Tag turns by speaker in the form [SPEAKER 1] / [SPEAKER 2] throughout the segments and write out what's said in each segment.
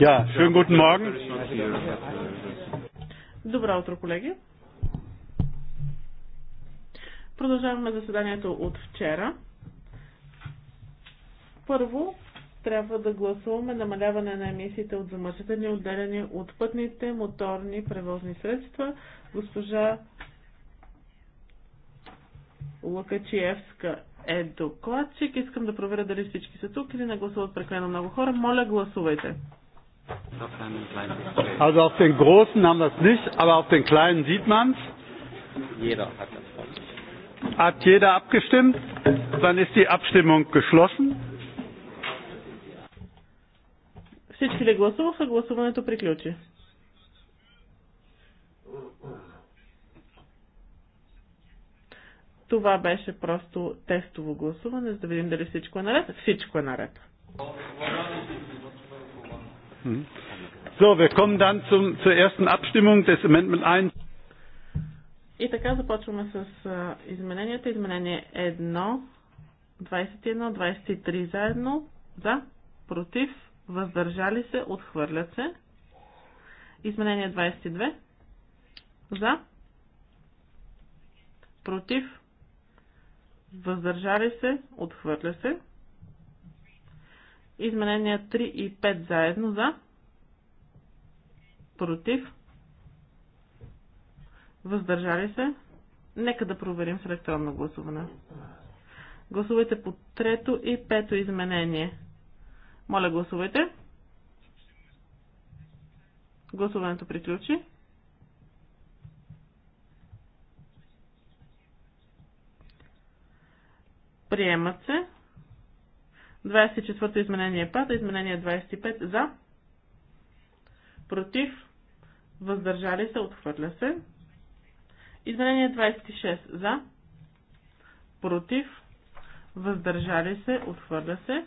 [SPEAKER 1] Ja, schönen guten Morgen.
[SPEAKER 2] Добро утро, колеги. Продължаваме заседанието от вчера. Първо, трябва да гласуваме намаляване на емисиите от замърсители, отделени от пътните моторни превозни средства. Госпожа Лукачиевска е докладчик. Искам да проверя дали всички са тук или не гласуват прекалено много хора. Моля, гласувайте.
[SPEAKER 1] Also auf den großen haben wir es nicht, aber auf den kleinen sieht man es. Jeder hat das. von Hat jeder abgestimmt? Dann ist die Abstimmung geschlossen. Всички
[SPEAKER 2] ли гласуваха? Гласуването приключи. Това беше просто тестово
[SPEAKER 1] гласуване, за да видим дали всичко е наред. Всичко е наред. Hm. So, wir kommen dann zum, zur ersten Abstimmung des Amendment 1.
[SPEAKER 2] И така започваме с а, измененията. Изменение 1, 21, 23 заедно. За, против, въздържали се, отхвърлят се. Изменение 22. За, против, въздържали се, отхвърля се. Изменения 3 и 5 заедно за. Против. Въздържали се. Нека да проверим с електронно гласуване. Гласувайте по трето и пето изменение. Моля, гласувайте. Гласуването приключи. Приемат се. 24-то изменение пада. Изменение 25 за. Против. Въздържали се. Отхвърля се. Изменение 26 за. Против. Въздържали се. Отхвърля се.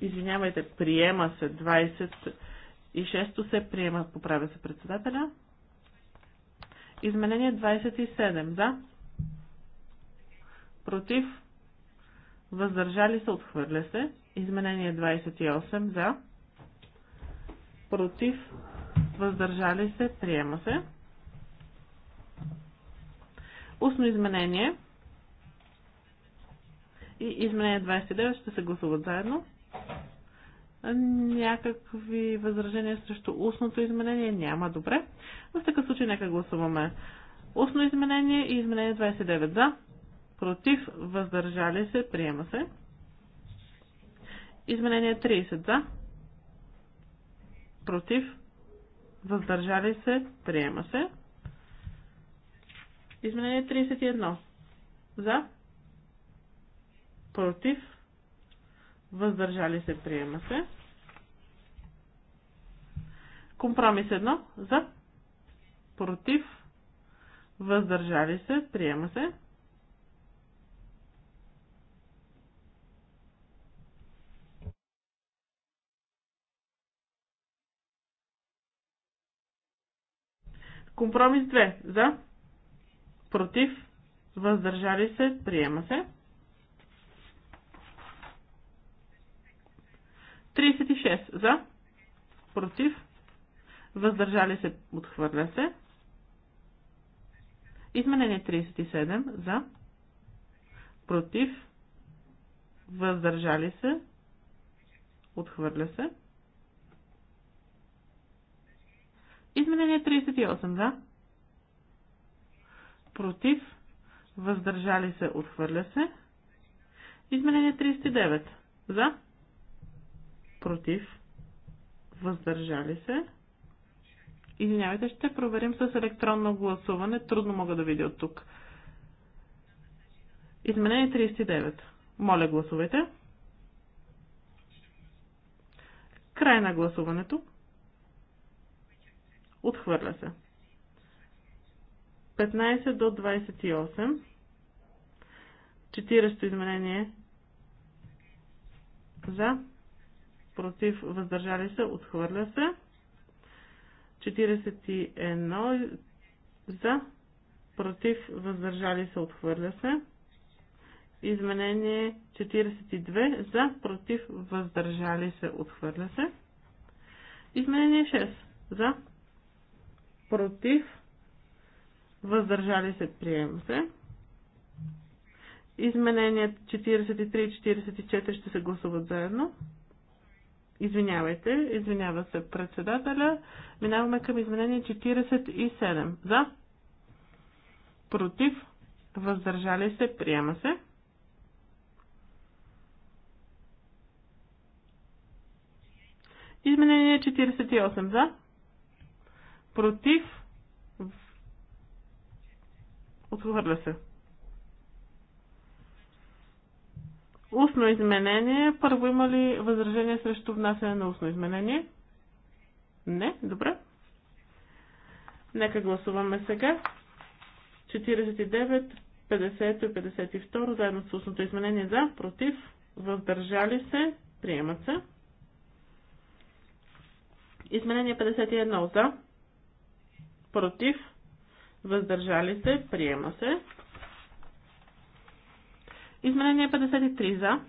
[SPEAKER 2] Извинявайте, приема се 26-то се приема, поправя се председателя. Изменение 27 за. Против въздържали се, отхвърля се. Изменение 28 за, против, въздържали се, приема се. Устно изменение и изменение 29 ще се гласуват заедно. Някакви възражения срещу устното изменение няма. Добре. В такъв случай нека гласуваме устно изменение и изменение 29 за, против, въздържали се, приема се. Изменение 30 за, против, въздържали се, приема се. Изменение 31 за, против, въздържали се, приема се. Компромис 1 за, против, въздържали се, приема се. Компромис 2. За. Против. Въздържали се. Приема се. 36. За. Против. Въздържали се. Отхвърля се. Изменение 37. За. Против. Въздържали се. Отхвърля се. Изменение 38 за. Против. Въздържали се. Отхвърля се. Изменение 39 за. Против. Въздържали се. Извинявайте, ще проверим с електронно гласуване. Трудно мога да видя от тук. Изменение 39. Моля, гласувайте. Край на гласуването. Отхвърля се. 15 до 28. 40 изменение. За. Против. Въздържали се. Отхвърля се. 41. За. Против. Въздържали се. Отхвърля се. Изменение 42. За. Против. Въздържали се. Отхвърля се. Изменение 6. За против, въздържали се, приема се. Изменение 43 и 44 ще се гласуват заедно. Извинявайте, извинява се председателя. Минаваме към изменение 47. За? Против? Въздържали се? Приема се. Изменение 48. За? против, отхвърля се. Устно изменение. Първо има ли възражение срещу внасяне на устно изменение? Не? Добре. Нека гласуваме сега. 49, 50 и 52, заедно с устното изменение за, против, въздържали се, приемат се. Изменение 51 за, против, въздържали се, приема се. Изменение 53 за,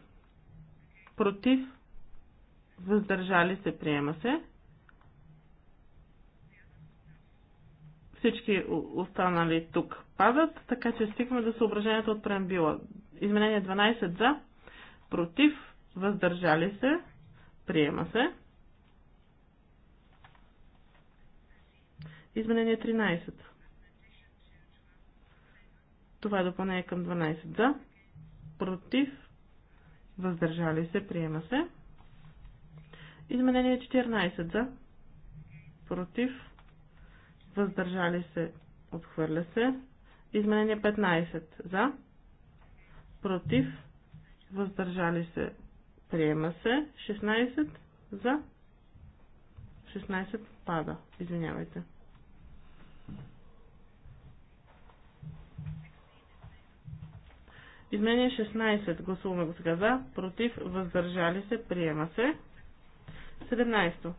[SPEAKER 2] против, въздържали се, приема се. Всички останали тук падат, така че стигаме до съображението от преамбила. Изменение 12 за, против, въздържали се, приема се. Изменение 13. Това е допълнение към 12. За. Против. Въздържали се. Приема се. Изменение 14. За. Против. Въздържали се. Отхвърля се. Изменение 15. За. Против. Въздържали се. Приема се. 16. За. 16 пада. Извинявайте. Изменение 16. Гласуваме го сега за. Против. Въздържали се. Приема се. 17.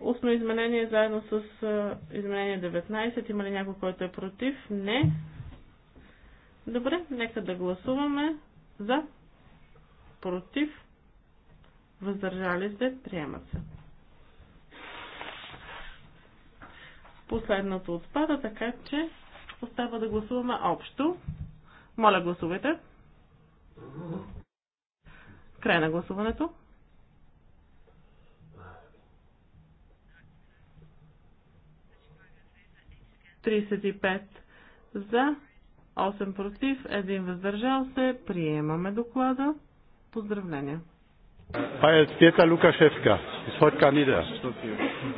[SPEAKER 2] Устно изменение заедно с изменение 19. Има ли някой, който е против? Не. Добре, нека да гласуваме за против, въздържали се, приема се. Последното отпада, така че остава да гласуваме общо. Моля, гласувайте. Край на гласуването. Тридесет пет за, 8 против, 1 въздържал се. Приемаме доклада. Поздравления.
[SPEAKER 1] Павел Петър Лукашевска. Is heute gar nieder.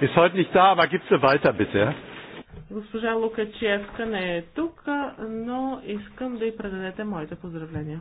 [SPEAKER 1] Is heute nicht da,
[SPEAKER 2] Госпожа Лукачевска не е тук, но искам да й предадете моите поздравления.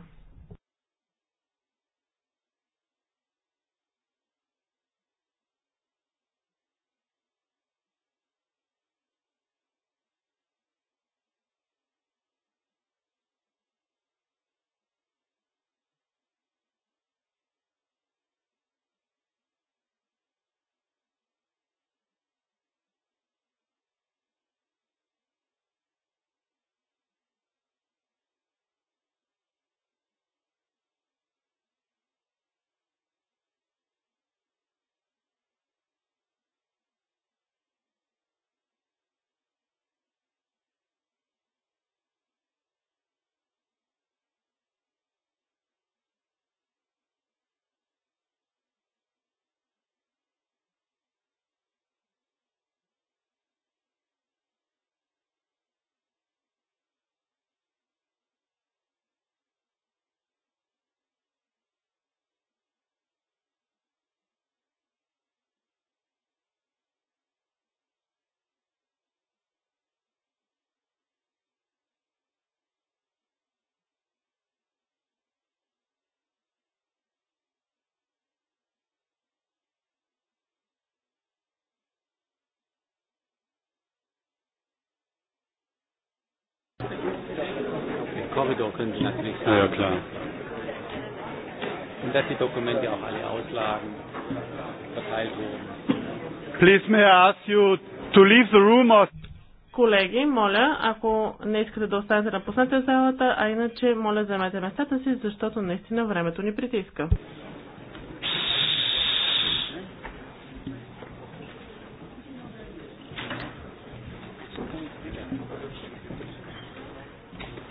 [SPEAKER 1] Korridor können Sie natürlich sagen. Ja, klar. Und dass die Dokumente auch alle auslagen, verteilt wurden. Please may I ask you to leave the room or...
[SPEAKER 2] Колеги, моля, ако не искате да останете, напуснете залата, а иначе, моля, вземете местата си, защото наистина времето ни притиска.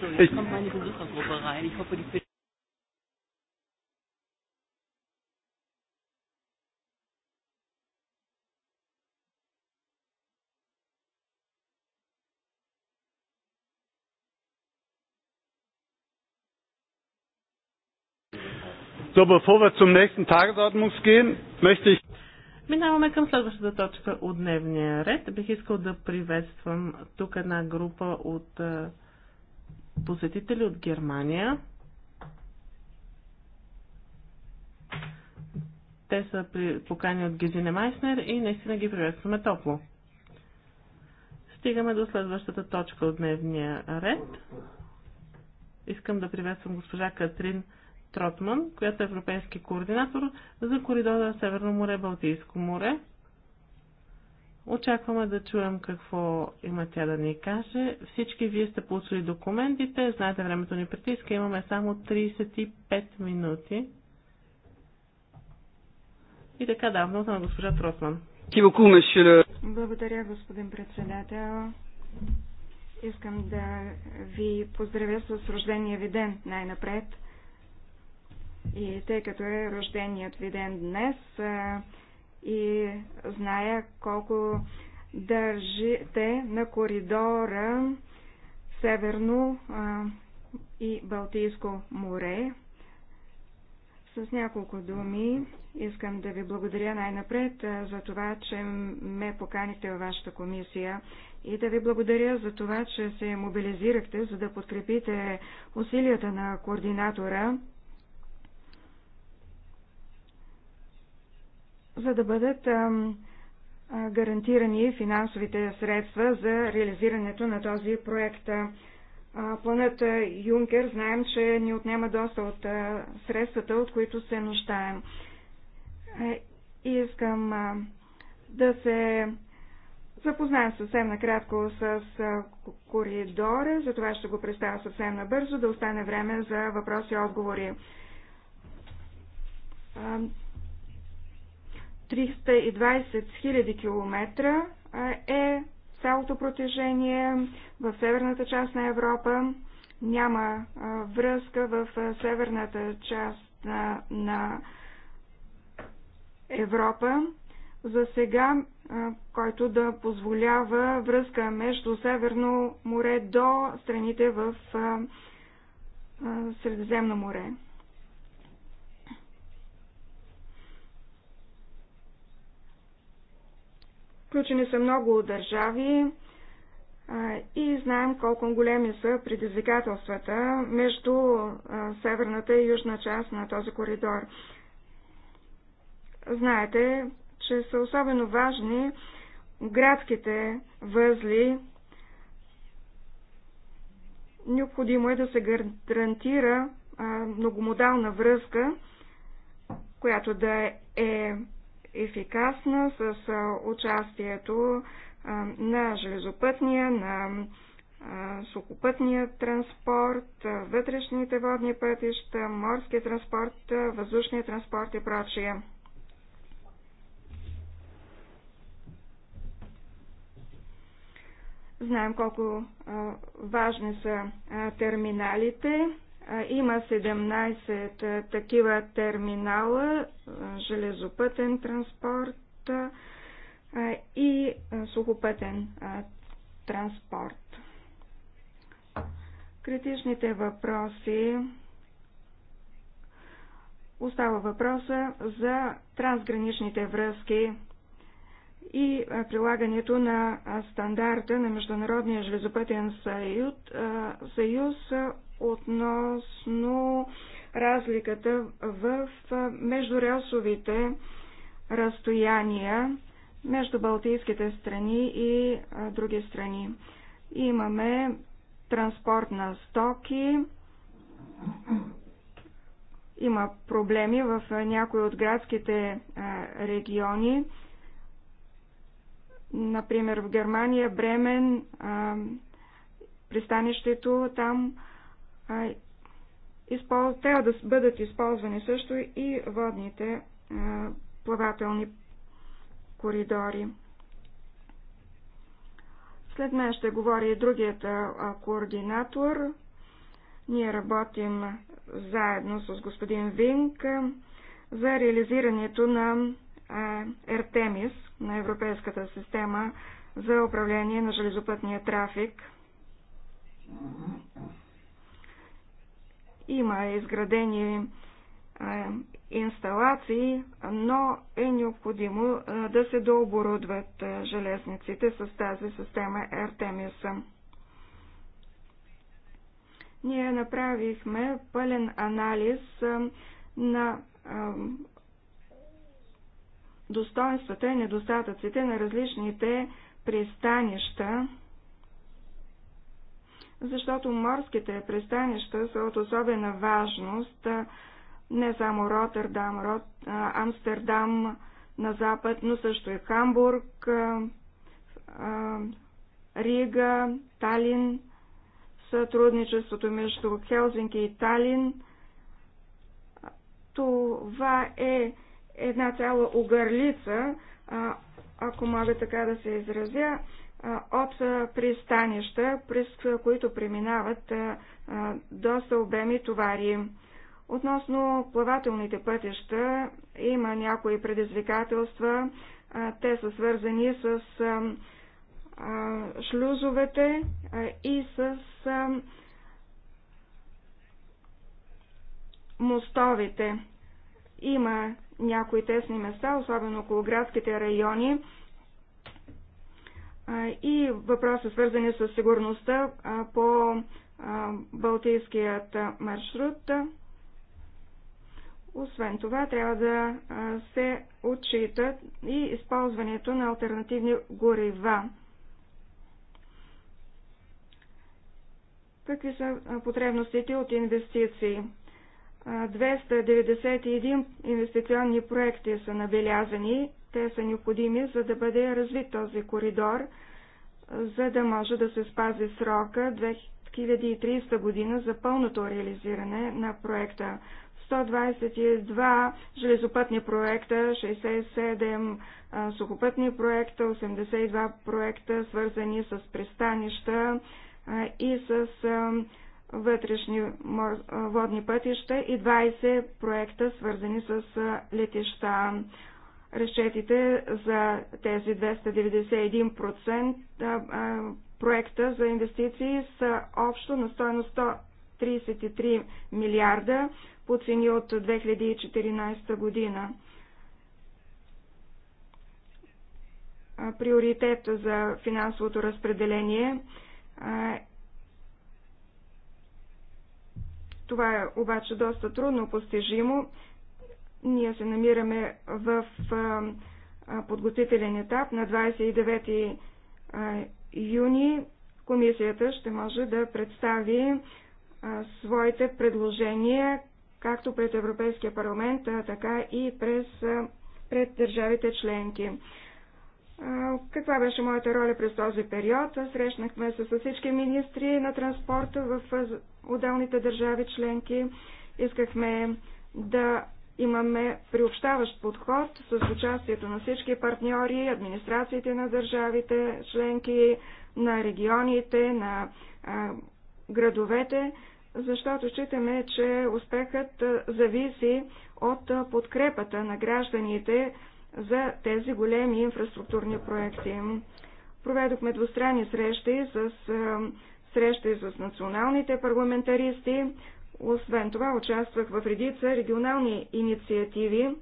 [SPEAKER 3] Entschuldigung, ich, kommt meine Besuchergruppe rein. Ich hoffe, die
[SPEAKER 1] So, bevor wir zum nächsten Tagesordnungs gehen, möchte ich.
[SPEAKER 2] Минаваме към следващата точка от дневния ред. Бих искал да приветствам тук една група от посетители от Германия. Те са покани от Гезине Майснер и наистина ги приветстваме топло. Стигаме до следващата точка от дневния ред. Искам да приветствам госпожа Катрин Тротман, която е европейски координатор за коридора Северно море-Балтийско море. -Балтийско море Очакваме да чуем какво има тя да ни каже. Всички вие сте получили документите, знаете времето ни притиска, имаме само 35 минути. И така да, давно на госпожа Тросман.
[SPEAKER 3] Благодаря, господин председател. Искам да ви поздравя с рождения ви ден най-напред. И тъй като е рожденият ви ден днес, и зная колко държите на коридора Северно и Балтийско море. С няколко думи искам да ви благодаря най-напред за това, че ме поканихте във вашата комисия и да ви благодаря за това, че се мобилизирахте, за да подкрепите усилията на координатора за да бъдат гарантирани финансовите средства за реализирането на този проект. Планът Юнкер знаем, че ни отнема доста от средствата, от които се нуждаем. Е, искам да се запознаем съвсем накратко с коридора, за това ще го представя съвсем набързо, да остане време за въпроси и отговори. 320 000 км е цялото протежение в северната част на Европа. Няма връзка в северната част на, на Европа. За сега, който да позволява връзка между Северно море до страните в Средиземно море. Включени са много държави и знаем колко големи са предизвикателствата между северната и южна част на този коридор. Знаете, че са особено важни градските възли. Необходимо е да се гарантира многомодална връзка, която да е ефикасна с участието на железопътния, на сухопътния транспорт, вътрешните водни пътища, морския транспорт, въздушния транспорт и прочие. Знаем колко важни са терминалите има 17 такива терминала, железопътен транспорт и сухопътен транспорт. Критичните въпроси остава въпроса за трансграничните връзки и прилагането на стандарта на Международния железопътен съюз, съюз относно разликата в междурелсовите разстояния между Балтийските страни и други страни. Имаме транспорт на стоки, има проблеми в някои от градските региони. Например, в Германия, Бремен, пристанището там трябва да бъдат използвани също и водните а, плавателни коридори. След мен ще говори и другият а, координатор. Ние работим заедно с господин Винк за реализирането на Ертемис, на Европейската система за управление на железопътния трафик. Има изградени е, инсталации, но е необходимо е, да се дооборудват е, железниците с тази система RTMS. Ние направихме пълен анализ на достоинствата и недостатъците на различните пристанища защото морските пристанища са от особена важност не само Роттердам, Рот, Амстердам на запад, но също и Хамбург, Рига, Талин, сътрудничеството между Хелзинки и Талин. Това е една цяла огърлица, ако мога така да се изразя, от пристанища, през които преминават доста обеми товари. Относно плавателните пътища има някои предизвикателства. Те са свързани с шлюзовете и с мостовите. Има някои тесни места, особено около градските райони, и въпроси, свързани с сигурността по Балтийският маршрут. Освен това, трябва да се отчитат и използването на альтернативни горива. Какви са потребностите от инвестиции? 291 инвестиционни проекти са набелязани те са необходими, за да бъде развит този коридор, за да може да се спази срока 2030 година за пълното реализиране на проекта. 122 железопътни проекта, 67 сухопътни проекта, 82 проекта, свързани с пристанища и с вътрешни водни пътища и 20 проекта, свързани с летища разчетите за тези 291% проекта за инвестиции са общо на стоеност 133 милиарда по цени от 2014 година. Приоритет за финансовото разпределение това е обаче доста трудно постижимо. Ние се намираме в подготвителен етап. На 29 юни комисията ще може да представи своите предложения както пред Европейския парламент, така и през, пред държавите членки. Каква беше моята роля през този период? Срещнахме се с всички министри на транспорта в отделните държави членки. Искахме да имаме приобщаващ подход с участието на всички партньори, администрациите на държавите, членки на регионите, на а, градовете, защото считаме, че успехът зависи от подкрепата на гражданите за тези големи инфраструктурни проекти. Проведохме двустранни срещи с срещи с националните парламентаристи, освен това, участвах в редица регионални инициативи.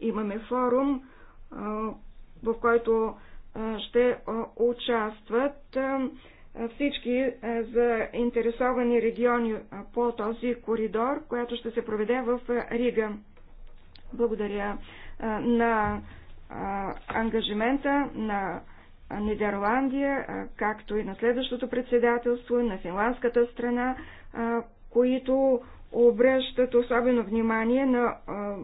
[SPEAKER 3] Имаме форум, в който ще участват всички заинтересовани региони по този коридор, която ще се проведе в Рига. Благодаря на ангажимента на Нидерландия, както и на следващото председателство, на финландската страна които обръщат особено внимание на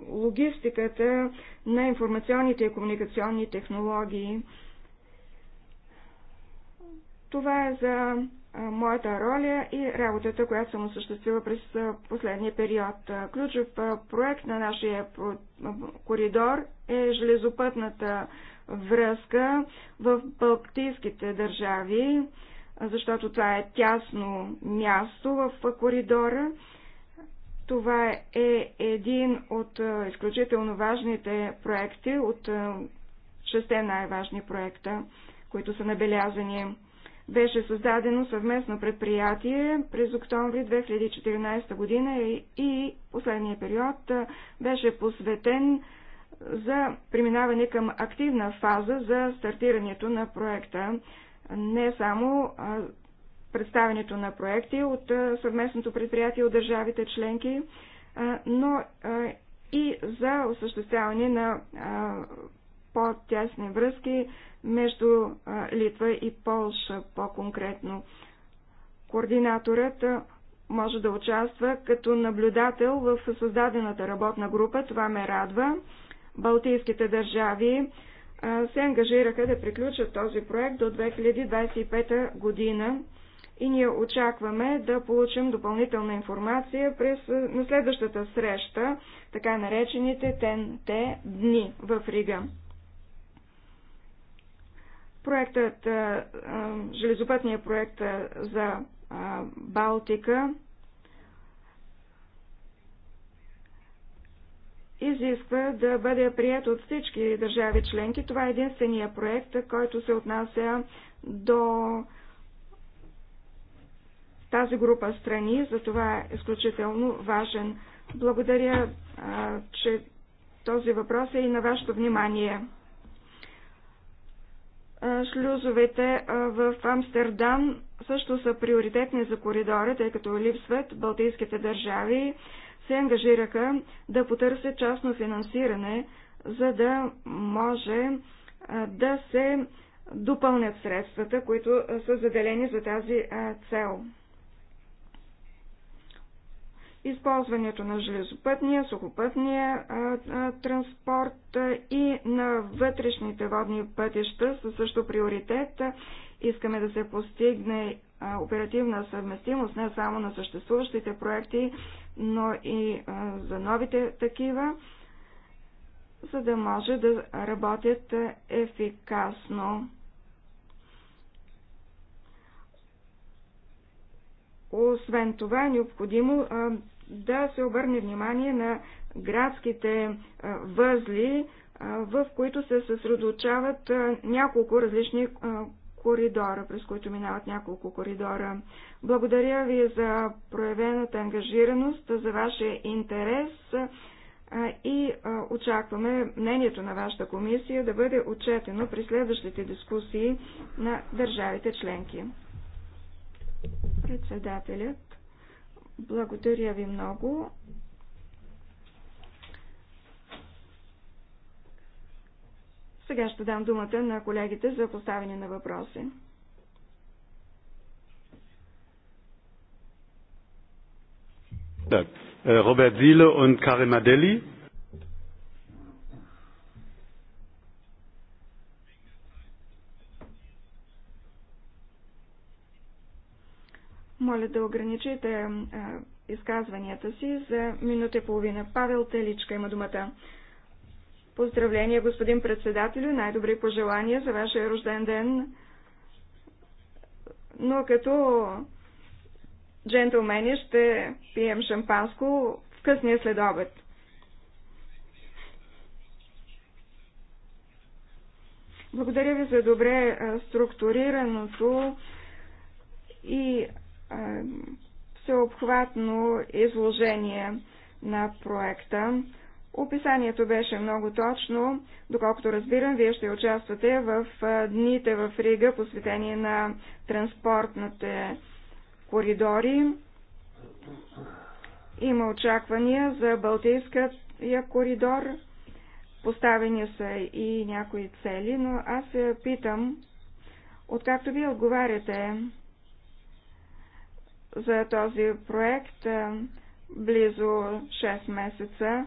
[SPEAKER 3] логистиката на информационните и комуникационни технологии. Това е за моята роля и работата, която съм осъществила през последния период. Ключов проект на нашия коридор е железопътната връзка в Балтийските държави защото това е тясно място в коридора. Това е един от изключително важните проекти, от шесте най-важни проекта, които са набелязани. Беше създадено съвместно предприятие през октомври 2014 година и последния период беше посветен за преминаване към активна фаза за стартирането на проекта не само представянето на проекти от съвместното предприятие от държавите членки, но и за осъществяване на по-тясни връзки между Литва и Полша по-конкретно. Координаторът може да участва като наблюдател в създадената работна група. Това ме радва. Балтийските държави се ангажираха да приключат този проект до 2025 година и ние очакваме да получим допълнителна информация през на следващата среща, така наречените ТНТ дни в Рига. Проектът, железопътният проект за Балтика изисква да бъде прият от всички държави членки. Това е единствения проект, който се отнася до тази група страни, За това е изключително важен. Благодаря, че този въпрос е и на вашето внимание. Шлюзовете в Амстердам също са приоритетни за коридора, тъй като липсват балтийските държави се ангажираха да потърсят частно финансиране, за да може да се допълнят средствата, които са заделени за тази цел. Използването на железопътния, сухопътния транспорт и на вътрешните водни пътища са също приоритет. Искаме да се постигне оперативна съвместимост не само на съществуващите проекти, но и за новите такива, за да може да работят ефикасно. Освен това е необходимо да се обърне внимание на градските възли, в които се съсредочават няколко различни коридора, през които минават няколко коридора. Благодаря ви за проявената ангажираност, за вашия интерес и очакваме мнението на вашата комисия да бъде отчетено при следващите дискусии на държавите членки. Председателят, благодаря ви много. Сега ще дам думата на колегите за поставяне на въпроси.
[SPEAKER 1] Е, Роберт Ziele и Карин Adeli.
[SPEAKER 3] Моля да ограничите е, изказванията си за минута и половина. Павел Теличка има думата. Поздравления, господин председателю, най-добри пожелания за вашия рожден ден. Но като джентлмени ще пием шампанско в късния следобед. Благодаря ви за добре структурираното и всеобхватно изложение на проекта. Описанието беше много точно. Доколкото разбирам, вие ще участвате в дните в Рига, посветени на транспортните коридори. Има очаквания за Балтийския коридор. Поставени са и някои цели, но аз се питам, откакто вие отговаряте за този проект, близо 6 месеца,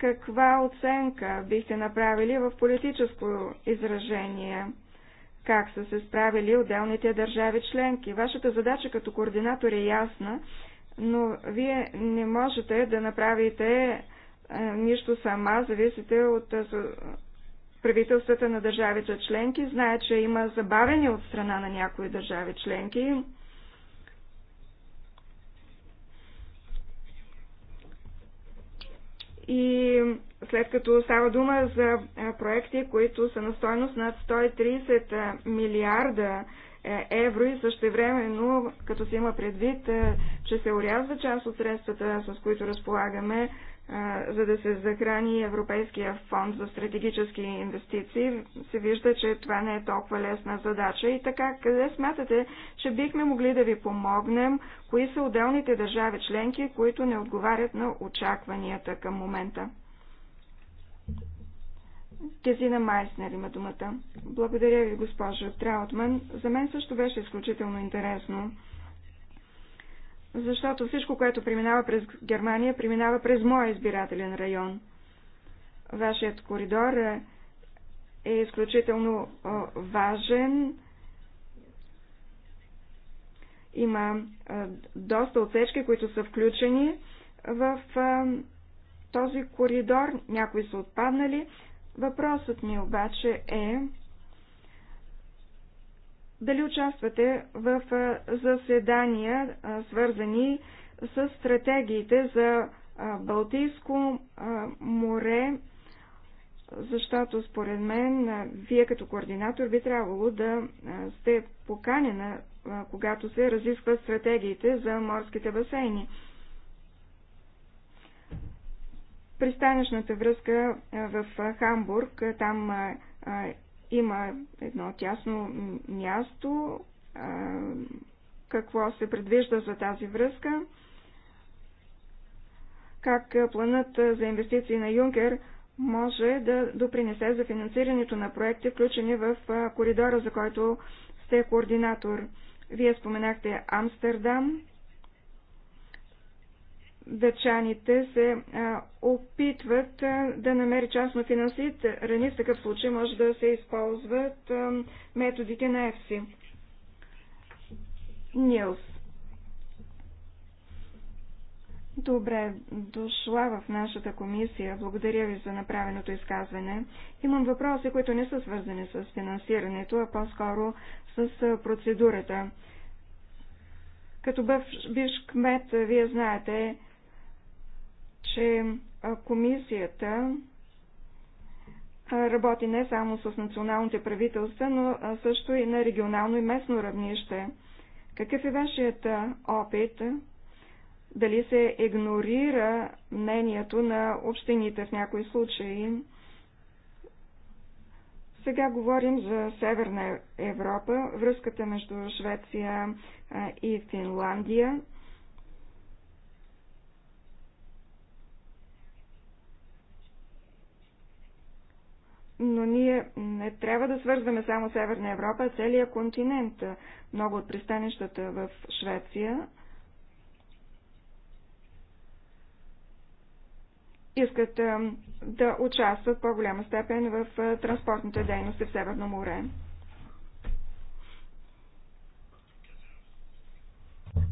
[SPEAKER 3] каква оценка бихте направили в политическо изражение? Как са се справили отделните държави членки? Вашата задача като координатор е ясна, но вие не можете да направите е, нищо сама, зависите от е, правителствата на държавите членки. Знае, че има забавени от страна на някои държави членки, и след като става дума за проекти, които са на стойност над 130 милиарда е, евро и също но като се има предвид, е, че се урязва част от средствата, с които разполагаме за да се захрани Европейския фонд за стратегически инвестиции, се вижда, че това не е толкова лесна задача. И така, къде смятате, че бихме могли да ви помогнем? Кои са отделните държави членки, които не отговарят на очакванията към момента? Кезина Майснер има думата. Благодаря ви, госпожо Траутман. За мен също беше изключително интересно защото всичко, което преминава през Германия, преминава през моя избирателен район. Вашият коридор е, е изключително важен. Има доста отсечки, които са включени в този коридор. Някои са отпаднали. Въпросът ми обаче е дали участвате в заседания, свързани с стратегиите за Балтийско море, защото според мен вие като координатор би трябвало да сте поканена, когато се разискват стратегиите за морските басейни. Пристанищната връзка в Хамбург, там има едно тясно място, какво се предвижда за тази връзка, как планът за инвестиции на Юнкер може да допринесе за финансирането на проекти, включени в коридора, за който сте координатор. Вие споменахте Амстердам, дъчаните се а, опитват а, да намери частно финансиране. В такъв случай може да се използват а, методите на ЕФСИ. Нилс. Добре, дошла в нашата комисия. Благодаря ви за направеното изказване. Имам въпроси, които не са свързани с финансирането, а по-скоро с процедурата. Като бивш кмет, вие знаете, че комисията работи не само с националните правителства, но също и на регионално и местно равнище. Какъв е вашият опит? Дали се игнорира мнението на общините в някои случаи? Сега говорим за Северна Европа, връзката между Швеция и Финландия. но ние не трябва да свързваме само Северна Европа, а целия континент. Много от пристанищата в Швеция искат да участват в по-голяма степен в транспортните дейности в Северно море.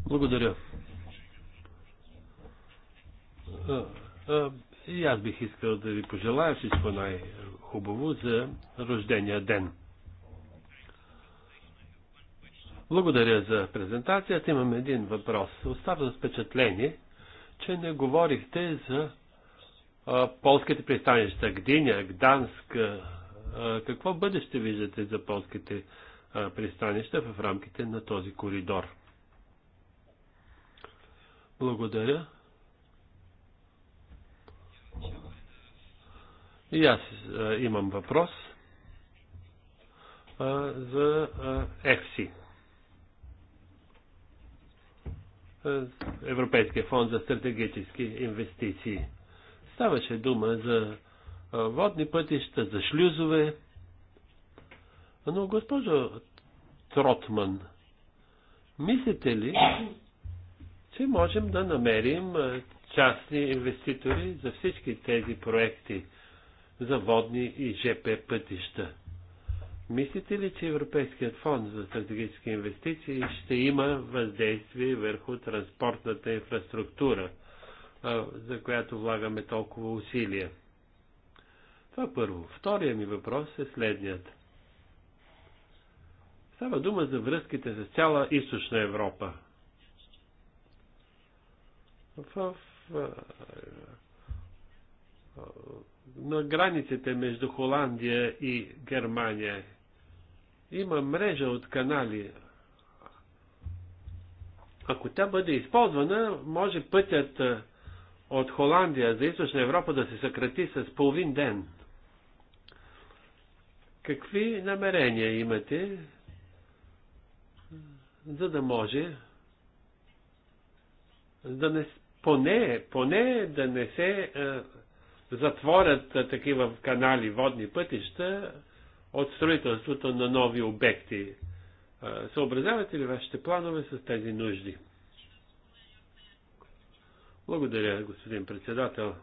[SPEAKER 4] Благодаря. И аз бих искал да ви пожелая всичко най хубаво за рождения ден. Благодаря за презентацията. Имам един въпрос. Оставам впечатление, че не говорихте за а, полските пристанища Гдиня, Гданск. А, какво бъдеще виждате за полските а, пристанища в рамките на този коридор? Благодаря. И аз имам въпрос за ЕФСИ. Европейския фонд за стратегически инвестиции. Ставаше дума за водни пътища, за шлюзове. Но, госпожо Тротман, мислите ли, че можем да намерим частни инвеститори за всички тези проекти? за водни и ЖП пътища. Мислите ли, че Европейският фонд за стратегически инвестиции ще има въздействие върху транспортната инфраструктура, за която влагаме толкова усилия? Това първо. Втория ми въпрос е следният. Става дума за връзките с цяла източна Европа. В на границите между Холандия и Германия. Има мрежа от канали. Ако тя бъде използвана, може пътят от Холандия за източна Европа да се съкрати с половин ден. Какви намерения имате, за да може да не, поне, поне да не се затворят такива канали, водни пътища от строителството на нови обекти. Съобразявате ли вашите планове с тези нужди? Благодаря, господин председател.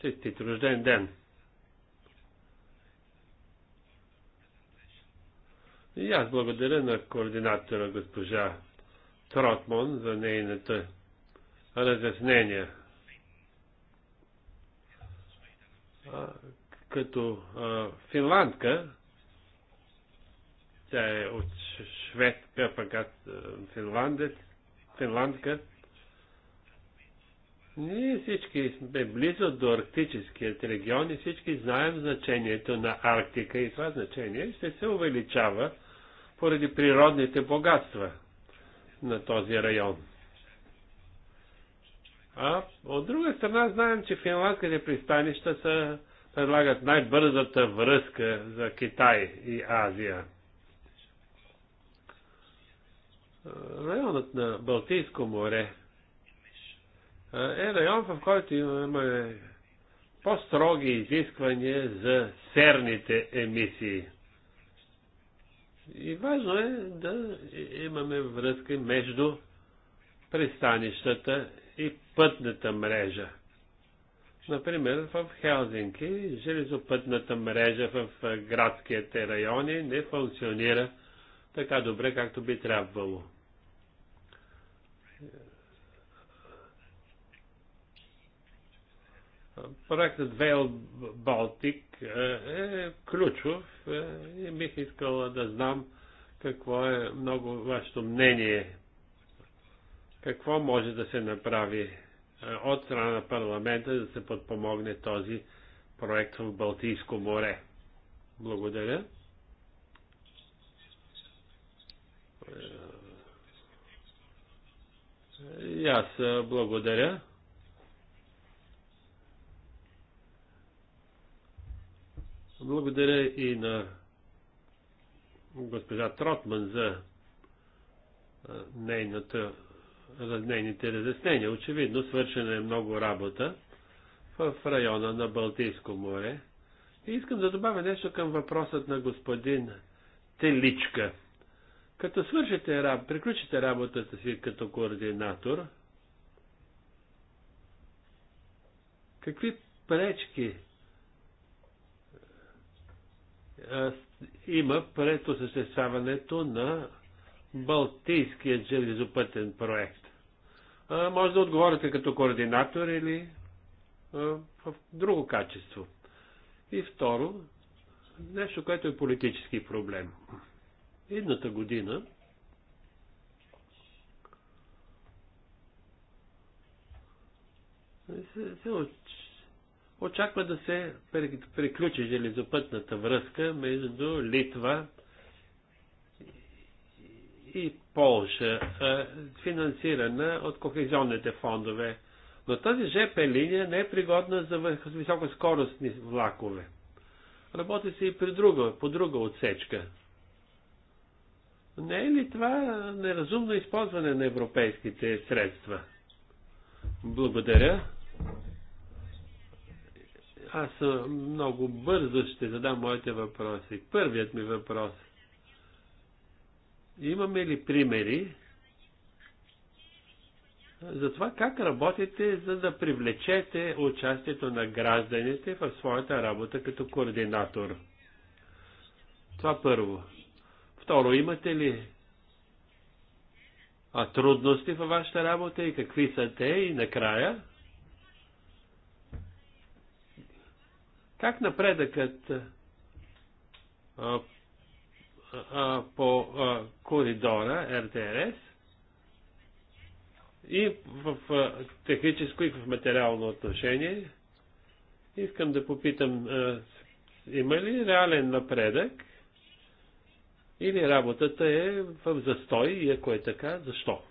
[SPEAKER 4] Честит рожден ден! И аз благодаря на координатора госпожа Тротмон за нейната разяснения. като финландка, тя е от шведка, пък аз финландец, финландка, ние всички сме близо до арктическият регион и всички знаем значението на Арктика и това значение ще се увеличава поради природните богатства на този район. А от друга страна знаем, че финландските пристанища са, предлагат най-бързата връзка за Китай и Азия. Районът на Балтийско море е район, в който имаме по-строги изисквания за серните емисии. И важно е да имаме връзка между пристанищата железопътната мрежа. Например, в Хелзинки железопътната мрежа в градските райони не функционира така добре, както би трябвало. Проектът Вейл Балтик е ключов и бих искала да знам какво е много вашето мнение. Какво може да се направи от страна на парламента да се подпомогне този проект в Балтийско море. Благодаря. И аз благодаря. Благодаря и на госпожа Тротман за нейната нейните разяснения. Очевидно свършена е много работа в района на Балтийско море. И искам да добавя нещо към въпросът на господин Теличка. Като свършите, приключите работата си като координатор, какви пречки има пред осъществяването на Балтийският железопътен проект. А, може да отговорите като координатор или а, в друго качество. И второ, нещо, което е политически проблем. Едната година се, се очаква да се приключи железопътната връзка между Литва, и Полша, е, финансирана от кохезионните фондове. Но тази ЖП линия не е пригодна за високоскоростни влакове. Работи се и при друга, по друга отсечка. Не е ли това неразумно използване на европейските средства? Благодаря. Аз много бързо ще задам моите въпроси. Първият ми въпрос – Имаме ли примери за това как работите, за да привлечете участието на гражданите в своята работа като координатор? Това първо. Второ, имате ли а трудности във вашата работа и какви са те и накрая? Как напредъкът по коридора РТРС и в техническо и в материално отношение. Искам да попитам, има ли реален напредък или работата е в застой и ако е така, защо?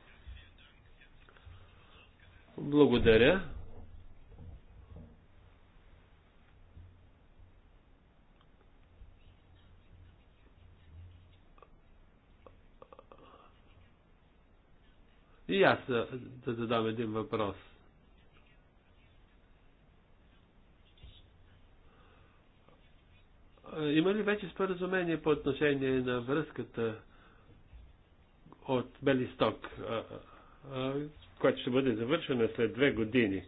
[SPEAKER 4] Благодаря. И аз да задам един въпрос. Има ли вече споразумение по отношение на връзката от Белисток, която ще бъде завършена след две години?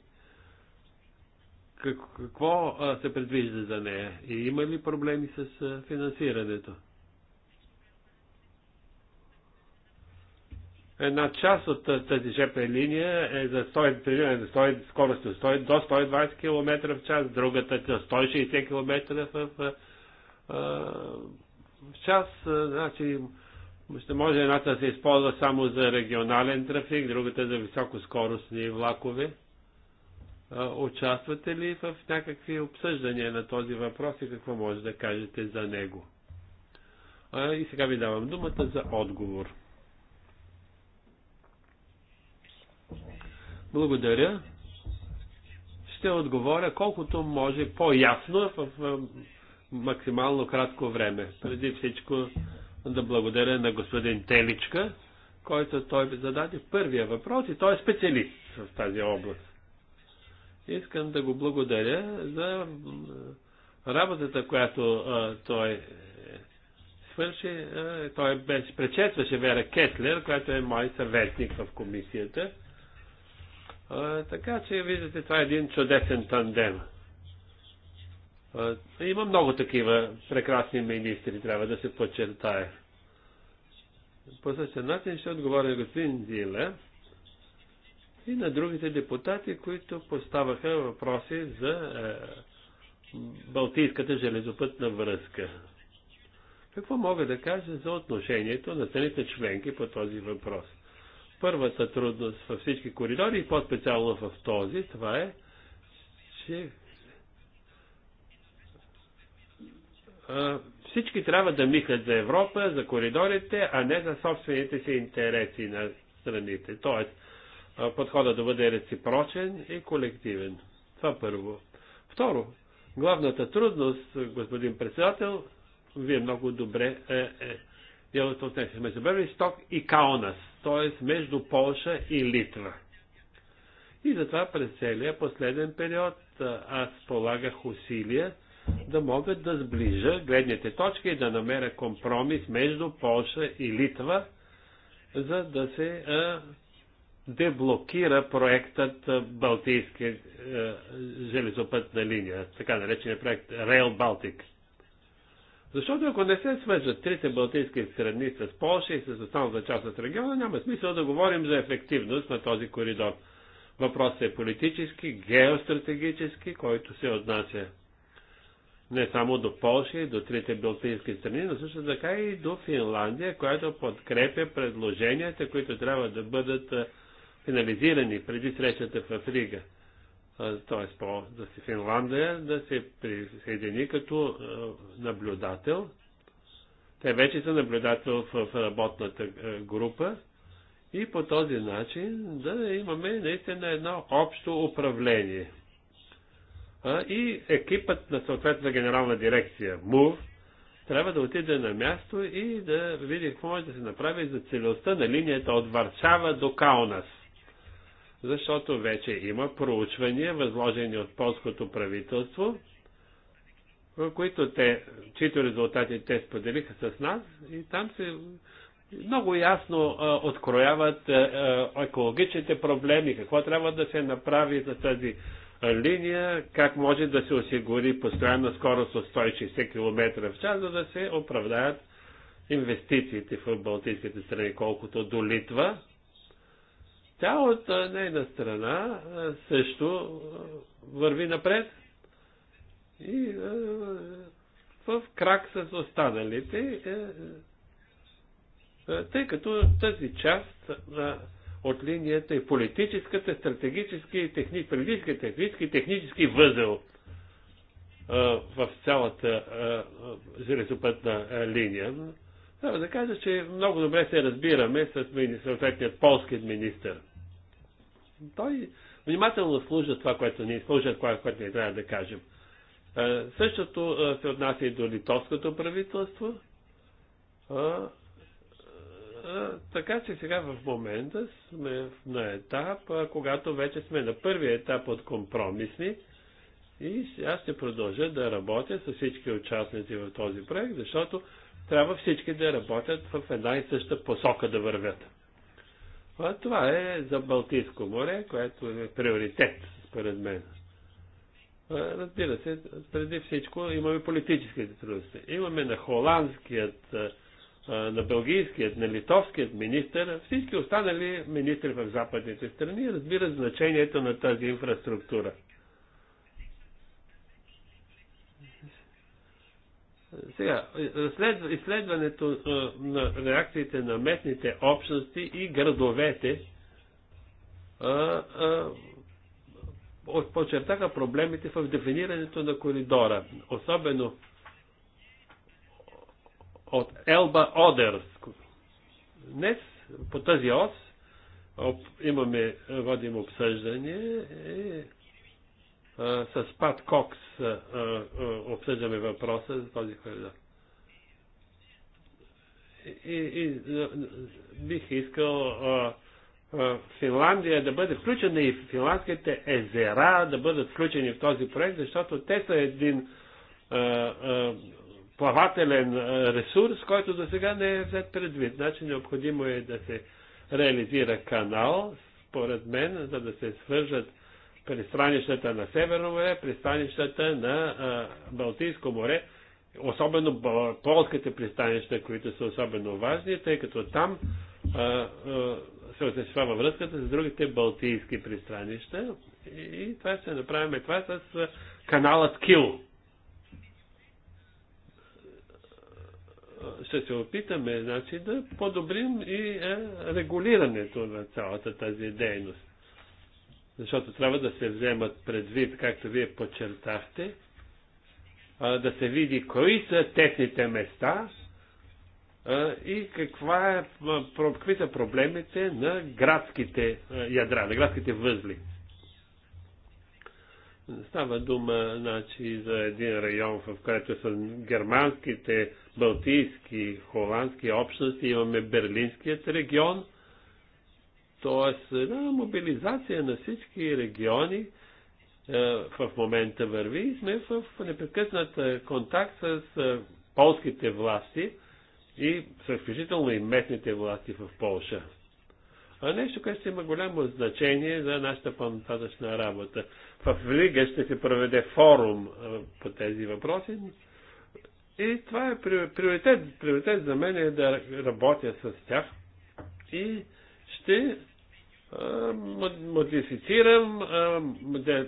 [SPEAKER 4] Какво се предвижда за нея? И има ли проблеми с финансирането? Една част от тази ЖП линия е за 100, примерно, за 100, скорост до 120 км в час, другата е за 160 км в, в, в час. Значи, ще може едната да се използва само за регионален трафик, другата за високоскоростни влакове. Участвате ли в някакви обсъждания на този въпрос и какво може да кажете за него? И сега ви давам думата за отговор. Благодаря. Ще отговоря колкото може по-ясно в максимално кратко време. Преди всичко да благодаря на господин Теличка, който той ви зададе първия въпрос и той е специалист в тази област. Искам да го благодаря за работата, която а, той свърши. А, той беше, предшестваше Вера Кетлер, която е мой съветник в комисията така че, виждате, това е един чудесен тандем. А, има много такива прекрасни министри, трябва да се подчертая. По същия начин ще отговоря на господин Диле и на другите депутати, които поставаха въпроси за е, Балтийската железопътна връзка. Какво мога да кажа за отношението на страните членки по този въпрос? Първата трудност във всички коридори и по-специално в този, това е, че всички трябва да мислят за Европа, за коридорите, а не за собствените си интереси на страните. Тоест, подходът да бъде реципрочен и колективен. Това първо. Второ, главната трудност, господин председател, вие много добре е, е, я отнесехме за Берлисток и Каонас т.е. между Полша и Литва. И затова през целия последен период аз полагах усилия да могат да сближа гледните точки и да намеря компромис между Полша и Литва, за да се а, деблокира проектът Балтийска железопътна линия, така наречения проект Rail Baltic. Защото ако не се свържат трите балтийски страни с Польша и с останалата част от региона, няма смисъл да говорим за ефективност на този коридор. Въпросът е политически, геостратегически, който се отнася не само до Польша и до трите балтийски страни, но също така и до Финландия, която подкрепя предложенията, които трябва да бъдат финализирани преди срещата в Рига т.е. да си Финландия, да се присъедини като наблюдател. Те вече са наблюдател в работната група и по този начин да имаме наистина едно общо управление. И екипът на съответната генерална дирекция МУВ трябва да отиде на място и да види какво може да се направи за целостта на линията от Варшава до Каунас защото вече има проучвания, възложени от полското правителство, които те, чието резултати те споделиха с нас и там се много ясно а, открояват а, а, екологичните проблеми, какво трябва да се направи за тази а, линия, как може да се осигури постоянна скорост от 160 км в час, за да се оправдаят инвестициите в Балтийските страни, колкото до Литва. Тя от нейна страна също върви напред и в крак с останалите, е, е, е, тъй като тази част от линията и политическата, стратегически и техни, технически технически, технически възел в цялата железопътна линия. Трябва да кажа, че много добре се разбираме с съответният полски министр той внимателно служа това, което ние служат, което, което ние трябва да кажем. Е, същото е, се отнася и до литовското правителство. А, а, е, така че сега в момента сме на етап, когато вече сме на първия етап от компромисни и аз ще продължа да работя с всички участници в този проект, защото трябва всички да работят в една и съща посока да вървят. Това е за Балтийско море, което е приоритет, според мен. Разбира се, преди всичко имаме политическите трудности. Имаме на холандският, на бългийският, на литовският министр, всички останали министри в западните страни разбира значението на тази инфраструктура. Сега, изследването на реакциите на местните общности и градовете подчертаха проблемите в дефинирането на коридора, особено от Елба Одерск. Днес по тази ос имаме, водим обсъждане и е, с Пат Кокс обсъждаме въпроса за този коридор. И, и бих искал Финландия да бъде включена и финландските езера да бъдат включени в този проект, защото те са един плавателен ресурс, който до сега не е взет предвид. Значи необходимо е да се реализира канал, според мен, за да се свържат пристанищата на Северно море, пристанищата на Балтийско море, особено полските пристанища, които са особено важни, тъй като там се осъществява връзката с другите балтийски пристанища. И това ще направим това с каналът Кил. ще се опитаме значи, да подобрим и е, регулирането на цялата тази дейност защото трябва да се вземат предвид, както вие подчертахте, да се види кои са техните места и каква е, какви са проблемите на градските ядра, на градските възли. Става дума значи, за един район, в който са германските, балтийски, холандски общности, имаме Берлинският регион, Тоест, една мобилизация на всички региони е, в момента върви и сме в непрекъснат е, контакт с е, полските власти и съвпечително и местните власти в Полша. А нещо, което ще има голямо значение за нашата по-нататъчна работа. В Лига ще се проведе форум по тези въпроси. И това е приоритет. Приоритет за мен е да работя с тях и ще модифицирам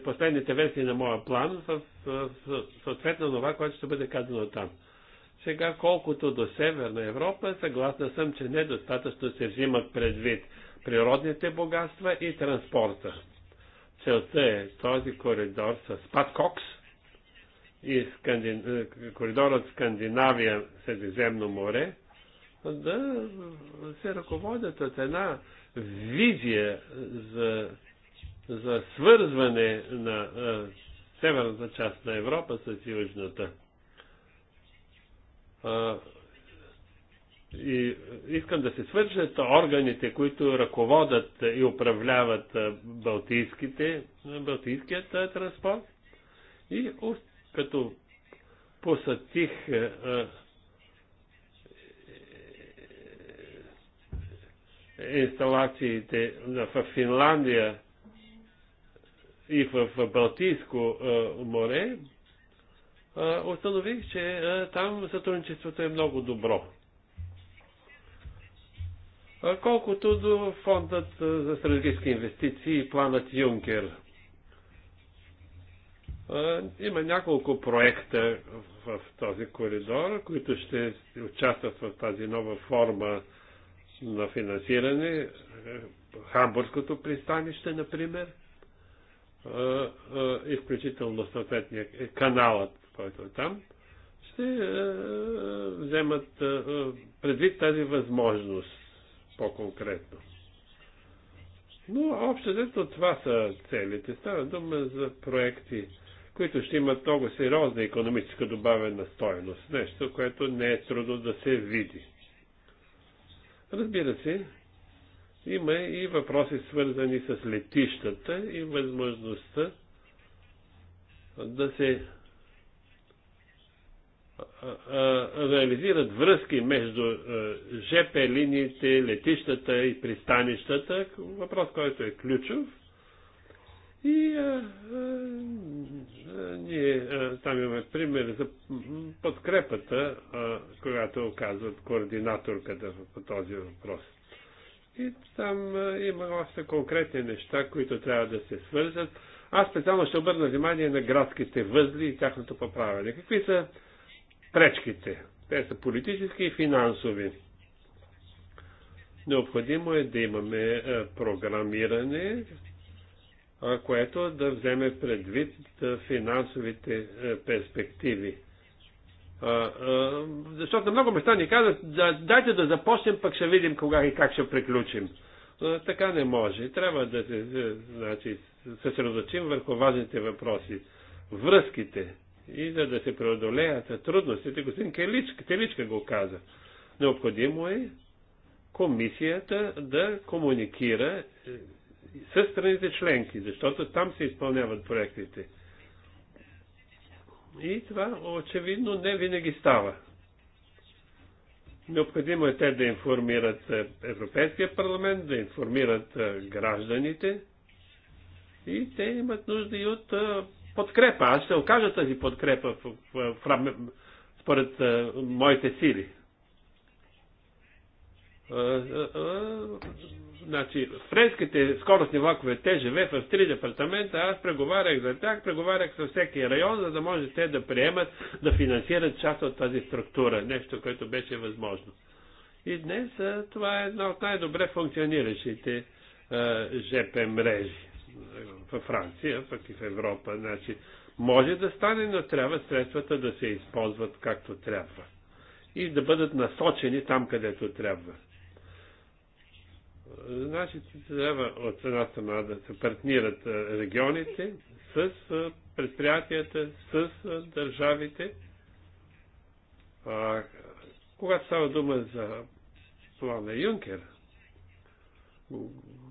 [SPEAKER 4] последните версии на моя план с, съответно това, което ще бъде казано там. Сега, колкото до Северна Европа, съгласна съм, че недостатъчно се взимат предвид природните богатства и транспорта. Целта е този коридор с Паткокс и Скандин... от Скандинавия-Средиземно море да се ръководят от една визия за, за свързване на а, северната част на Европа с южната. А, и искам да се свържат органите, които ръководят и управляват балтийските, балтийският транспорт. И като посетих инсталациите в Финландия и в Балтийско е, море, е, установих, че е, там сътрудничеството е много добро. Колкото до фондът за стратегически инвестиции и планът Юнкер. Има няколко проекта в този коридор, които ще участват в тази нова форма на финансиране, е, Хамбургското пристанище, например, и включително съответния каналът, който е там, ще е, вземат е, предвид тази възможност по-конкретно. Но общо взето това са целите. Става дума за проекти, които ще имат много сериозна економическа добавена стоеност. Нещо, което не е трудно да се види. Разбира се, има и въпроси свързани с летищата и възможността да се реализират връзки между ЖП линиите, летищата и пристанищата, въпрос, който е ключов и а, а, ние а, там имаме пример за подкрепата, а, която оказват координаторката по този въпрос. И там а, има още конкретни неща, които трябва да се свързат. Аз специално ще обърна внимание на градските възли и тяхното поправяне. Какви са пречките? Те са политически и финансови. Необходимо е да имаме програмиране, което да вземе предвид финансовите перспективи. Защото на много места ни казват, да, дайте да започнем, пък ще видим кога и как ще приключим. така не може. Трябва да се е, значи, съсредоточим върху важните въпроси. Връзките. И за да се преодолеят трудностите, господин Келичка, Теличка го каза. Необходимо е комисията да комуникира е, с страните членки, защото там се изпълняват проектите. И това очевидно не винаги става. Необходимо е те да информират е, Европейския парламент, да информират е, гражданите и те имат нужда и от е, подкрепа. Аз ще окажа тази подкрепа в, в, в, според моите сили Значи, френските скоростни влакове ТЖВ в три департамента, аз преговарях за тях, преговарях с всеки район, за да може те да приемат, да финансират част от тази структура, нещо, което беше възможно. И днес това е една от най-добре функциониращите ЖП мрежи във Франция, пък и в Европа. Значи, може да стане, но трябва средствата да се използват както трябва и да бъдат насочени там, където трябва. Значи трябва от една страна да се партнират регионите с предприятията, с държавите. А, когато става дума за плана Юнкер,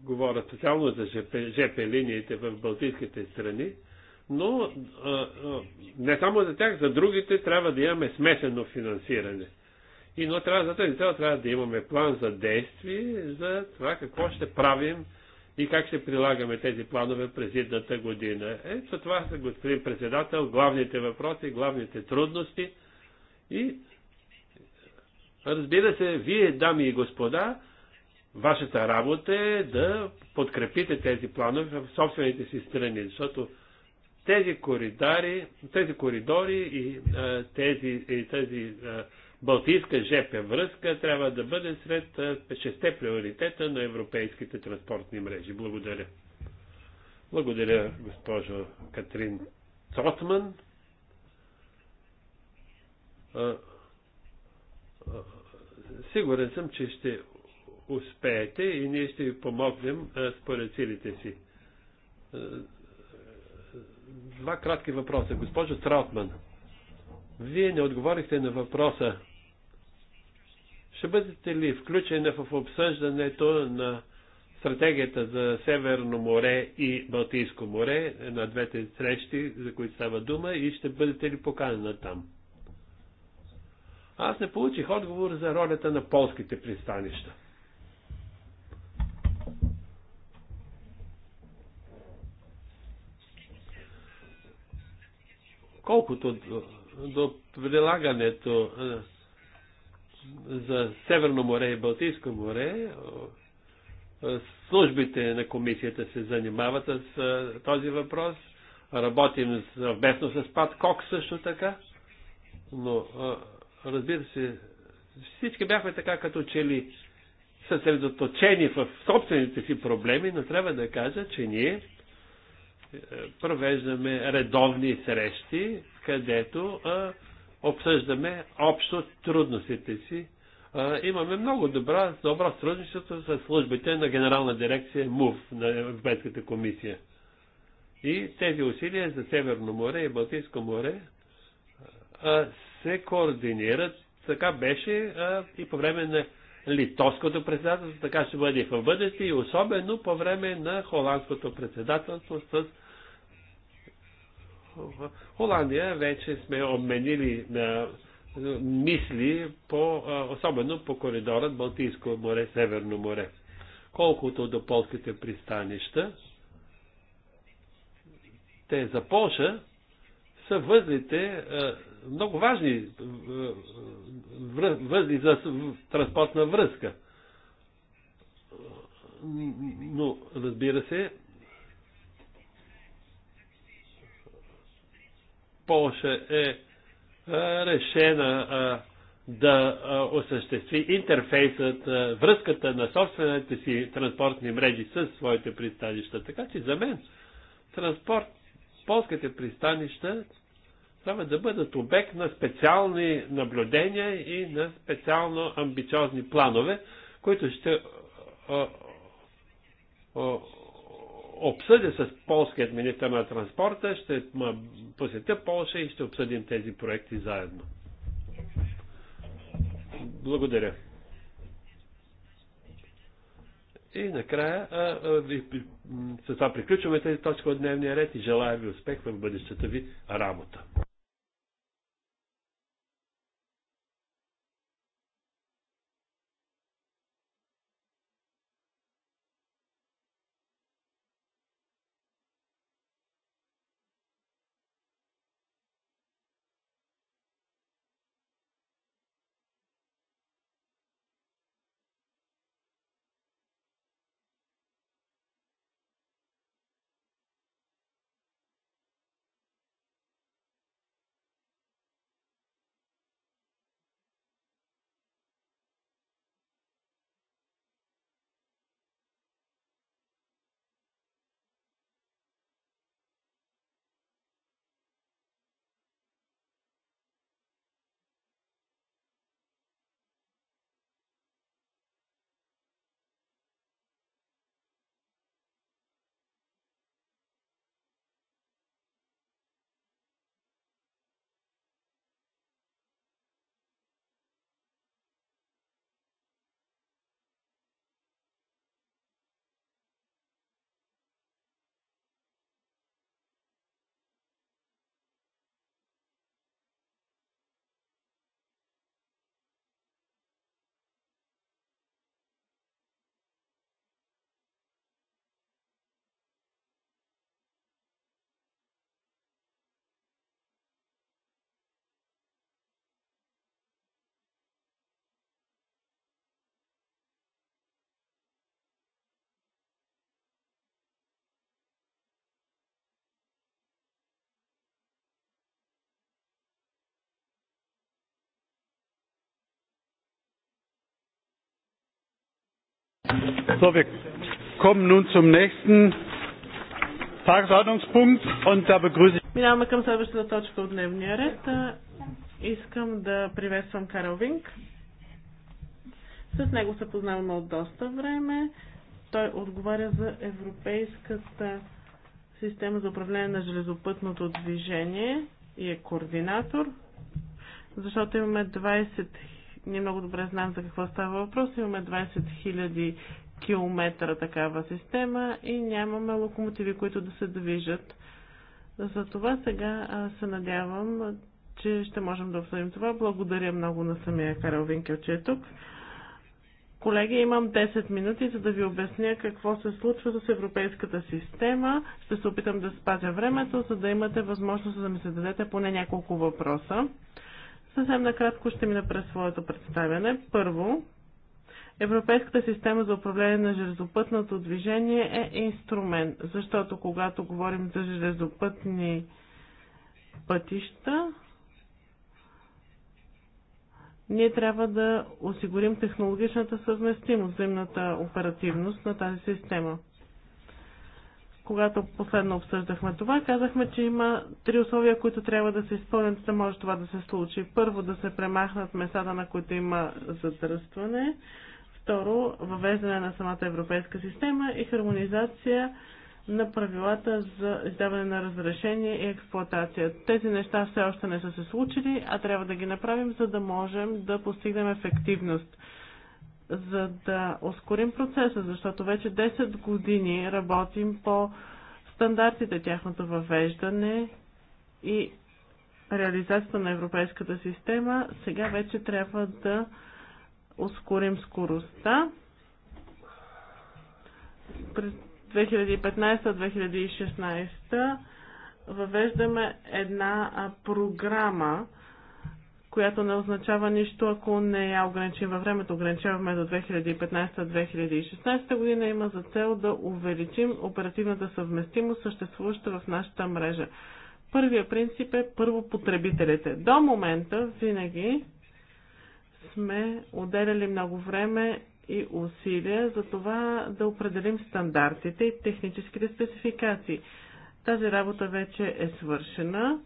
[SPEAKER 4] говоря специално за ЖП, ЖП линиите в Балтийските страни, но а, а, не само за тях, за другите трябва да имаме смесено финансиране – и но трябва, за тази цел трябва да имаме план за действие за това какво ще правим и как ще прилагаме тези планове през едната година. Ето това са, господин председател, главните въпроси, главните трудности и разбира се, вие, дами и господа, вашата работа е да подкрепите тези планове в собствените си страни, защото тези коридори, тези коридори и тези, и тези Балтийска ЖП връзка трябва да бъде сред шесте приоритета на европейските транспортни мрежи. Благодаря. Благодаря, госпожо Катрин Цотман. Сигурен съм, че ще успеете и ние ще ви помогнем според силите си два кратки въпроса. Госпожо Траутман, вие не отговорихте на въпроса. Ще бъдете ли включени в обсъждането на стратегията за Северно море и Балтийско море на двете срещи, за които става дума, и ще бъдете ли поканена там? Аз не получих отговор за ролята на полските пристанища. Колкото до, прилагането за Северно море и Балтийско море, службите на комисията се занимават с този въпрос. Работим съвместно с Пад Кок също така. Но, разбира се, всички бяхме така като че ли съсредоточени в собствените си проблеми, но трябва да кажа, че ние провеждаме редовни срещи, където а, обсъждаме общо трудностите си. А, имаме много добра, добро сътрудничество с службите на Генерална дирекция МУВ на Европейската комисия. И тези усилия за Северно море и Балтийско море а, се координират. Така беше а, и по време на литовското председателство, така ще бъде и в бъдеще и особено по време на холандското председателство с в Холандия вече сме обменили на мисли по, особено по коридора Балтийско море, Северно море. Колкото до полските пристанища, те за Польша са възлите, много важни възли за транспортна връзка. Но, разбира се, Польша е, е решена е, да е, осъществи интерфейсът, връзката на собствените си транспортни мрежи с своите пристанища. Така че за мен транспорт, полските пристанища трябва да бъдат обект на специални наблюдения и на специално амбициозни планове, които ще обсъдя с полският министр на транспорта, ще посетя Полша и ще обсъдим тези проекти заедно. Благодаря. И накрая, с това приключваме тази точка от дневния ред и желая ви успех в бъдещата ви работа.
[SPEAKER 1] So, wir kommen nun zum nächsten Tagesordnungspunkt und da begrüße ich.
[SPEAKER 2] Минаваме към следващата точка от дневния ред. Искам да приветствам Карл Винк. С него се познаваме от доста време. Той отговаря за Европейската система за управление на железопътното движение и е координатор, защото имаме 20 ние много добре знаем за какво става въпрос. Имаме 20 000 километра такава система и нямаме локомотиви, които да се движат. Затова сега се надявам, че ще можем да обсъдим това. Благодаря много на самия Карел Винкел, че е тук. Колеги, имам 10 минути, за да ви обясня какво се случва с европейската система. Ще се опитам да спазя времето, за да имате възможност да ми зададете поне няколко въпроса. Съвсем накратко ще ми направя своето представяне. Първо, Европейската система за управление на железопътното движение е инструмент, защото когато говорим за железопътни пътища, ние трябва да осигурим технологичната съвместимост, взаимната оперативност на тази система. Когато последно обсъждахме това, казахме, че има три условия, които трябва да се изпълнят, за да може това да се случи. Първо, да се премахнат местата, на които има задръстване. Второ, въвеждане на самата европейска система и хармонизация на правилата за издаване на разрешение и експлоатация. Тези неща все още не са се случили, а трябва да ги направим, за да можем да постигнем ефективност за да ускорим процеса, защото вече 10 години работим по стандартите, тяхното въвеждане и реализацията на европейската система. Сега вече трябва да ускорим скоростта. През 2015-2016 въвеждаме една програма която не означава нищо, ако не я ограничим във времето. Ограничаваме до 2015-2016 година. Има за цел да увеличим оперативната съвместимост, съществуваща в нашата мрежа. Първия принцип е първо потребителите. До момента винаги сме отделяли много време и усилия за това да определим стандартите и техническите спецификации. Тази работа вече е свършена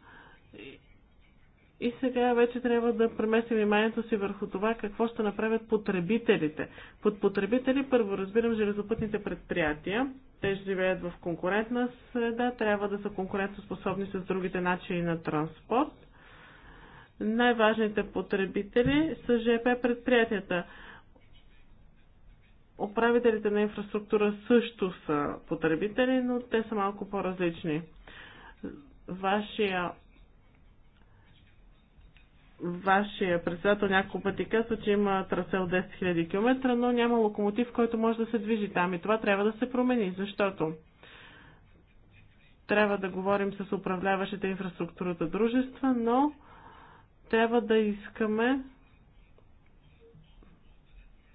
[SPEAKER 2] и сега вече трябва да преместим вниманието си върху това какво ще направят потребителите. Под потребители първо разбирам железопътните предприятия. Те живеят в конкурентна среда, трябва да са конкурентоспособни с другите начини на транспорт. Най-важните потребители са ЖП предприятията. Управителите на инфраструктура също са потребители, но те са малко по-различни. Вашия вашия председател няколко пъти каза, че има трасе от 10 000 км, но няма локомотив, който може да се движи там. И това трябва да се промени, защото трябва да говорим с управляващите инфраструктурата дружества, но трябва да искаме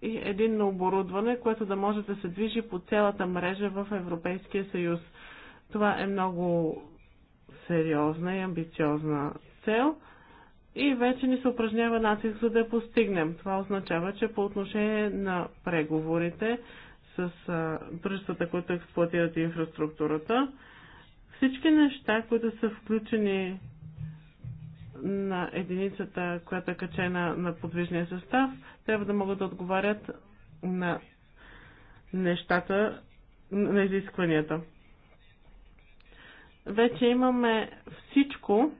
[SPEAKER 2] и на оборудване, което да може да се движи по цялата мрежа в Европейския съюз. Това е много сериозна и амбициозна цел – и вече ни се упражнява натиск, за да я постигнем. Това означава, че по отношение на преговорите с дружествата, които експлуатират инфраструктурата, всички неща, които са включени на единицата, която е качена на подвижния състав, трябва да могат да отговарят на нещата, на изискванията. Вече имаме всичко,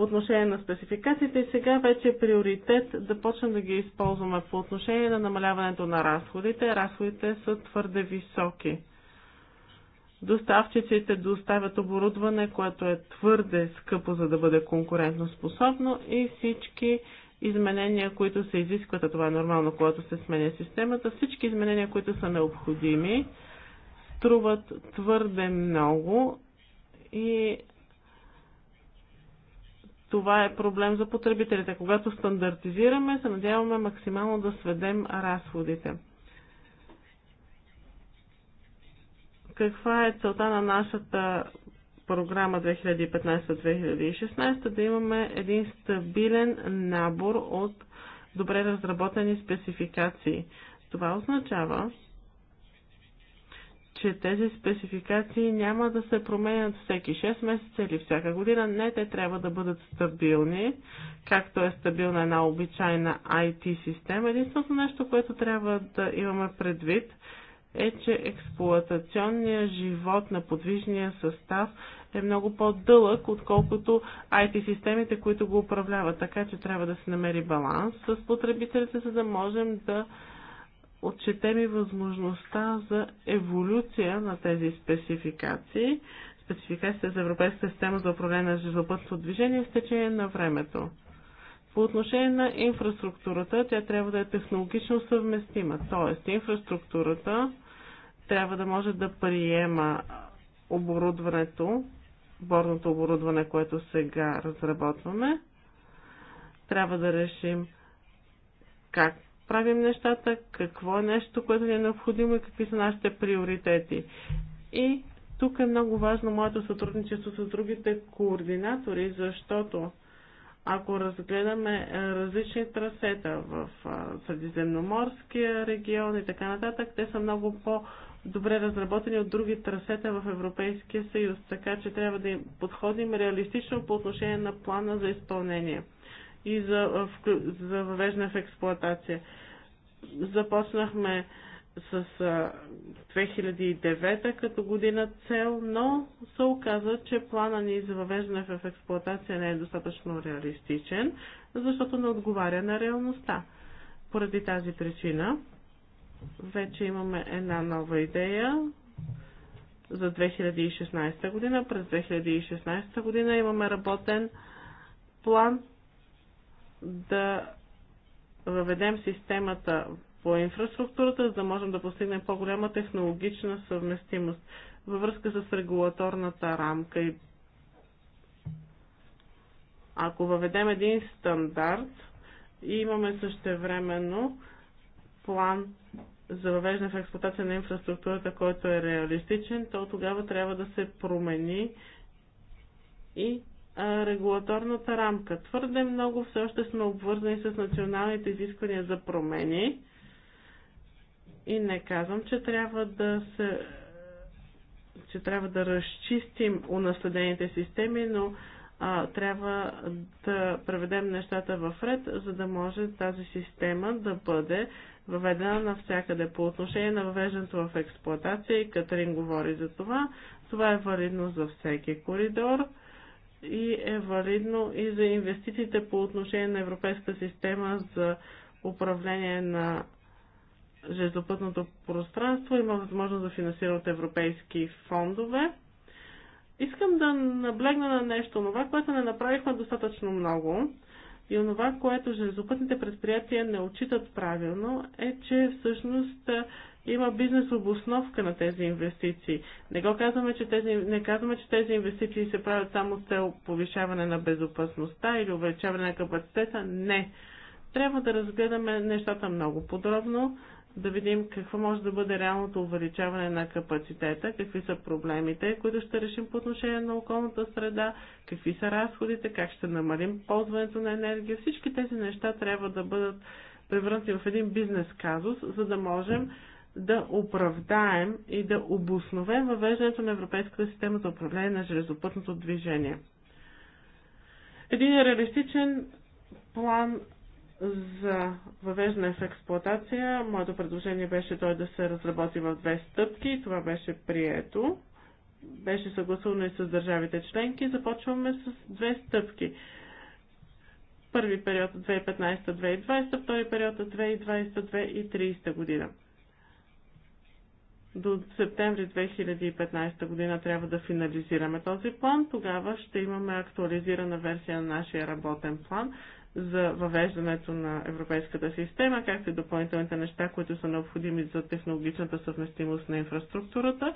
[SPEAKER 2] по отношение на спецификациите и сега вече е приоритет да почнем да ги използваме по отношение на намаляването на разходите. Разходите са твърде високи. Доставчиците доставят оборудване, което е твърде скъпо, за да бъде конкурентно способно и всички изменения, които се изискват, а това е нормално, когато се сменя системата, всички изменения, които са необходими, струват твърде много и това е проблем за потребителите. Когато стандартизираме, се надяваме максимално да сведем разходите. Каква е целта на нашата програма 2015-2016? Да имаме един стабилен набор от добре разработени спецификации. Това означава, че тези спецификации няма да се променят всеки 6 месеца или всяка година. Не, те трябва да бъдат стабилни, както е стабилна една обичайна IT система. Единственото нещо, което трябва да имаме предвид е, че експлуатационният живот на подвижния състав е много по-дълъг, отколкото IT системите, които го управляват. Така че трябва да се намери баланс с потребителите, за да можем да отчетем и възможността за еволюция на тези спецификации, спецификацията за Европейска система за управление на железопътното движение в течение на времето. По отношение на инфраструктурата, тя трябва да е технологично съвместима, т.е. инфраструктурата трябва да може да приема оборудването, борното оборудване, което сега разработваме. Трябва да решим как правим нещата, какво е нещо, което ни е необходимо и какви са нашите приоритети. И тук е много важно моето сътрудничество с другите координатори, защото ако разгледаме е, различни трасета в е, Средиземноморския регион и така нататък, те са много по-добре разработени от други трасета в Европейския съюз, така че трябва да им подходим реалистично по отношение на плана за изпълнение и за, за въвеждане в експлоатация. Започнахме с 2009 като година цел, но се оказа, че плана ни за въвеждане в експлоатация не е достатъчно реалистичен, защото не отговаря на реалността. Поради тази причина вече имаме една нова идея за 2016 година. През 2016 година имаме работен план да въведем системата по инфраструктурата, за да можем да постигнем по-голяма технологична съвместимост във връзка с регулаторната рамка. ако въведем един стандарт и имаме същевременно план за въвеждане в експлуатация на инфраструктурата, който е реалистичен, то тогава трябва да се промени и регулаторната рамка. Твърде много все още сме обвързани с националните изисквания за промени и не казвам, че трябва да се че трябва да разчистим унаследените системи, но а, трябва да преведем нещата в ред, за да може тази система да бъде въведена навсякъде. По отношение на въвеждането в експлоатация, и Катрин говори за това, това е валидно за всеки коридор и е валидно и за инвестициите по отношение на Европейската система за управление на железопътното пространство. Има възможност да финансира от европейски фондове. Искам да наблегна на нещо, това, което не направихме достатъчно много и онова, което железопътните предприятия не отчитат правилно, е, че всъщност има бизнес обосновка на тези инвестиции. Не, го казваме, че тези, не казваме, че тези инвестиции се правят само с цел повишаване на безопасността или увеличаване на капацитета. Не. Трябва да разгледаме нещата много подробно, да видим какво може да бъде реалното увеличаване на капацитета, какви са проблемите, които ще решим по отношение на околната среда, какви са разходите, как ще намалим ползването на енергия. Всички тези неща трябва да бъдат превърнати в един бизнес казус, за да можем да оправдаем и да обосновем въвеждането на Европейската система за управление на железопътното движение. Един реалистичен план за въвеждане в експлоатация, моето предложение беше той да се разработи в две стъпки и това беше прието. Беше съгласувано и с държавите членки. Започваме с две стъпки. Първи период 2015-2020, втори период 2020-2030 година. До септември 2015 година трябва да финализираме този план. Тогава ще имаме актуализирана версия на нашия работен план за въвеждането на европейската система, както и допълнителните неща, които са необходими за технологичната съвместимост на инфраструктурата.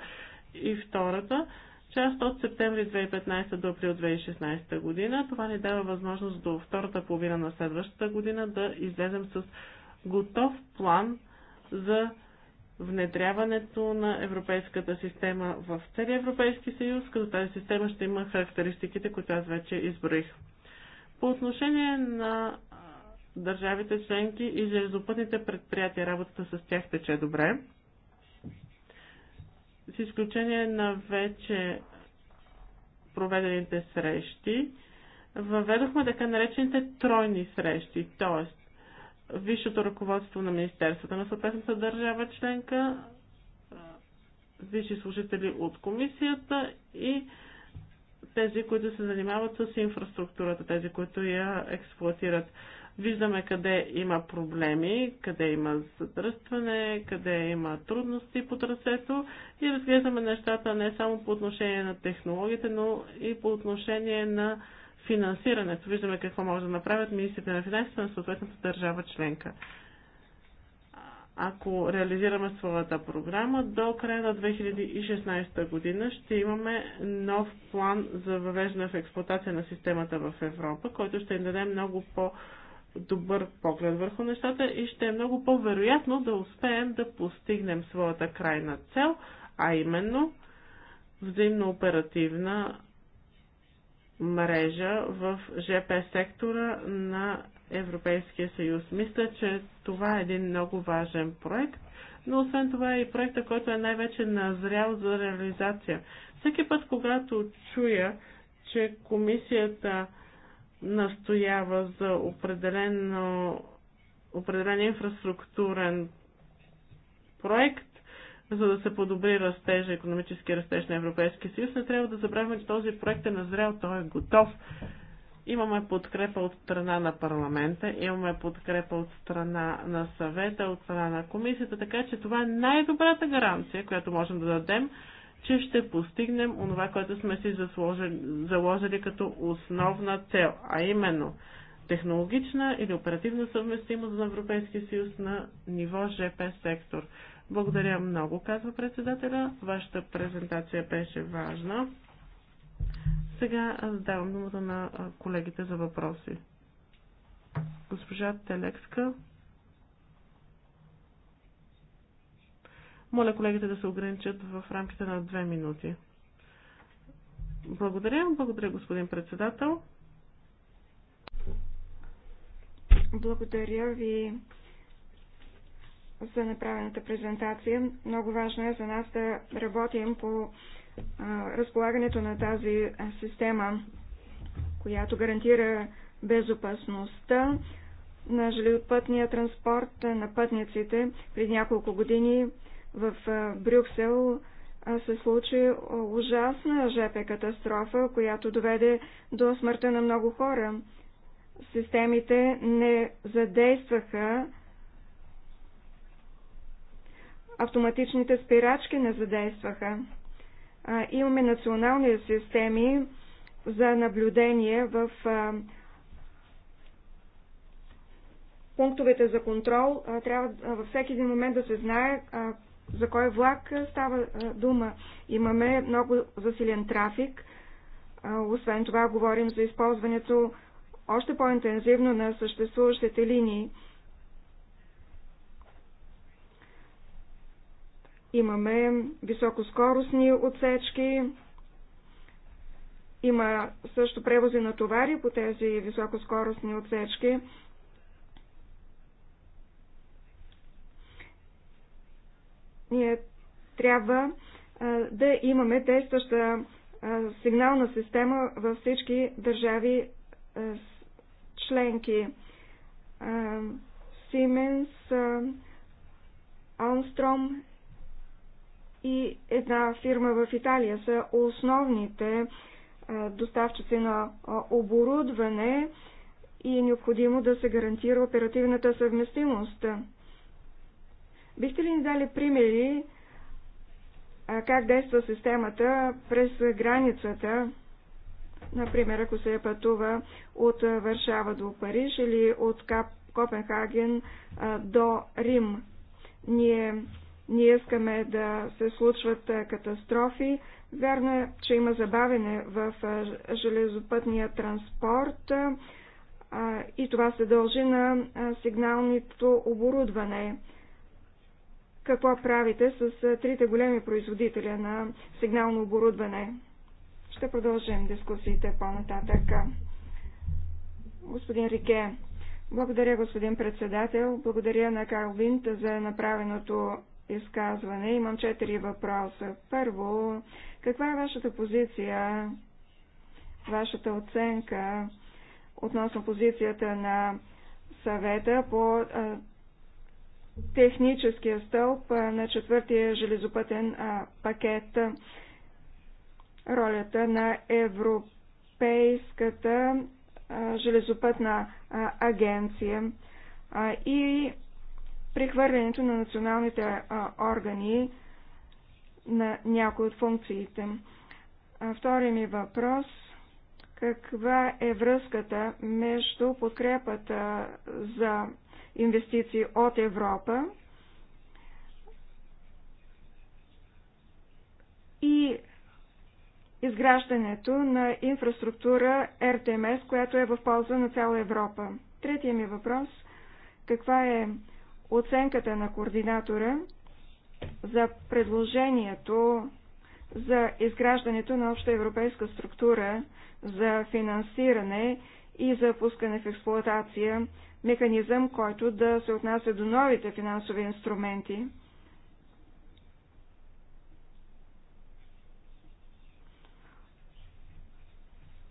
[SPEAKER 2] И втората част от септември 2015 до април 2016 година. Това ни дава възможност до втората половина на следващата година да излезем с готов план за внедряването на европейската система в целия Европейски съюз, като тази система ще има характеристиките, които аз вече изброих. По отношение на държавите членки и железопътните предприятия, работата с тях тече добре. С изключение на вече проведените срещи, въведохме така наречените тройни срещи, т.е висшето ръководство на Министерството на съответната държава членка, висши служители от комисията и тези, които се занимават с инфраструктурата, тези, които я експлуатират. Виждаме къде има проблеми, къде има задръстване, къде има трудности по трасето и разглеждаме нещата не само по отношение на технологиите, но и по отношение на финансирането. Виждаме какво може да направят министрите на финансите на съответната държава членка. Ако реализираме своята програма, до края на 2016 година ще имаме нов план за въвеждане в експлуатация на системата в Европа, който ще им даде много по- добър поглед върху нещата и ще е много по-вероятно да успеем да постигнем своята крайна цел, а именно взаимно оперативна мрежа в ЖП сектора на Европейския съюз. Мисля, че това е един много важен проект, но освен това е и проекта, който е най-вече назрял за реализация. Всеки път, когато чуя, че комисията настоява за определен, определен инфраструктурен проект, за да се подобри растежа, економически растеж на Европейския съюз. Не трябва да забравяме, че този проект е назрял, той е готов. Имаме подкрепа от страна на парламента, имаме подкрепа от страна на съвета, от страна на комисията, така че това е най-добрата гаранция, която можем да дадем, че ще постигнем онова, което сме си заложили, заложили като основна цел, а именно технологична или оперативна съвместимост на Европейския съюз на ниво ЖП сектор. Благодаря много, казва председателя. Вашата презентация беше важна. Сега аз давам думата на колегите за въпроси. Госпожа Телекска. Моля колегите да се ограничат в рамките на две минути. Благодаря. Благодаря, господин председател.
[SPEAKER 3] Благодаря ви за направената презентация. Много важно е за нас да работим по разполагането на тази система, която гарантира безопасността на железопътния транспорт на пътниците. Преди няколко години в Брюксел се случи ужасна ЖП катастрофа, която доведе до смъртта на много хора. Системите не задействаха автоматичните спирачки не задействаха. А, имаме национални системи за наблюдение в а, пунктовете за контрол. А, трябва а, във всеки един момент да се знае а, за кой влак става а, дума. Имаме много засилен трафик. А, освен това говорим за използването още по-интензивно на съществуващите линии. Имаме високоскоростни отсечки. Има също превози на товари по тези високоскоростни отсечки. Ние трябва да имаме действаща сигнална система във всички държави членки. Сименс, Armstrong, и една фирма в Италия са основните доставчици на оборудване и е необходимо да се гарантира оперативната съвместимост. Бихте ли ни дали примери как действа системата през границата? Например, ако се пътува от Варшава до Париж или от Копенхаген до Рим. Ние ние искаме да се случват катастрофи. Вярно е, че има забавене в железопътния транспорт и това се дължи на сигналното оборудване. Какво правите с трите големи производителя на сигнално оборудване? Ще продължим дискусиите по-нататък. Господин Рике, благодаря господин председател, благодаря на Карл Винт за направеното изказване. Имам четири въпроса. Първо, каква е вашата позиция, вашата оценка относно позицията на съвета по а, техническия стълб а, на четвъртия железопътен а, пакет, ролята на Европейската железопътна агенция и прехвърлянето на националните а, органи на някои от функциите. А, втори ми въпрос. Каква е връзката между подкрепата за инвестиции от Европа и изграждането на инфраструктура РТМС, която е в полза на цяла Европа. Третия ми въпрос – каква е оценката на координатора за предложението за изграждането на обща европейска структура за финансиране и за пускане в експлоатация механизъм, който да се отнася до новите финансови инструменти.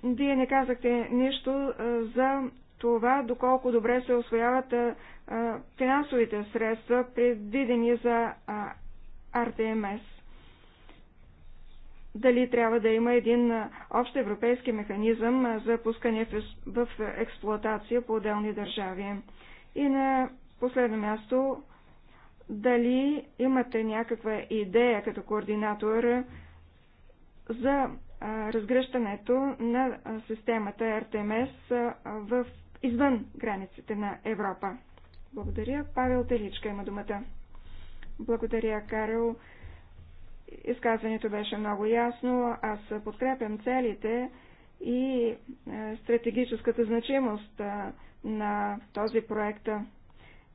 [SPEAKER 3] Вие не казахте нищо за това доколко добре се освояват финансовите средства, предвидени за РТМС. Дали трябва да има един общ европейски механизъм за пускане в експлоатация по отделни държави. И на последно място, дали имате някаква идея като координатор за разгръщането на системата РТМС в извън границите на Европа. Благодаря. Павел Теличка има думата. Благодаря, Карел. Изказването беше много ясно. Аз подкрепям целите и е, стратегическата значимост е, на този проект.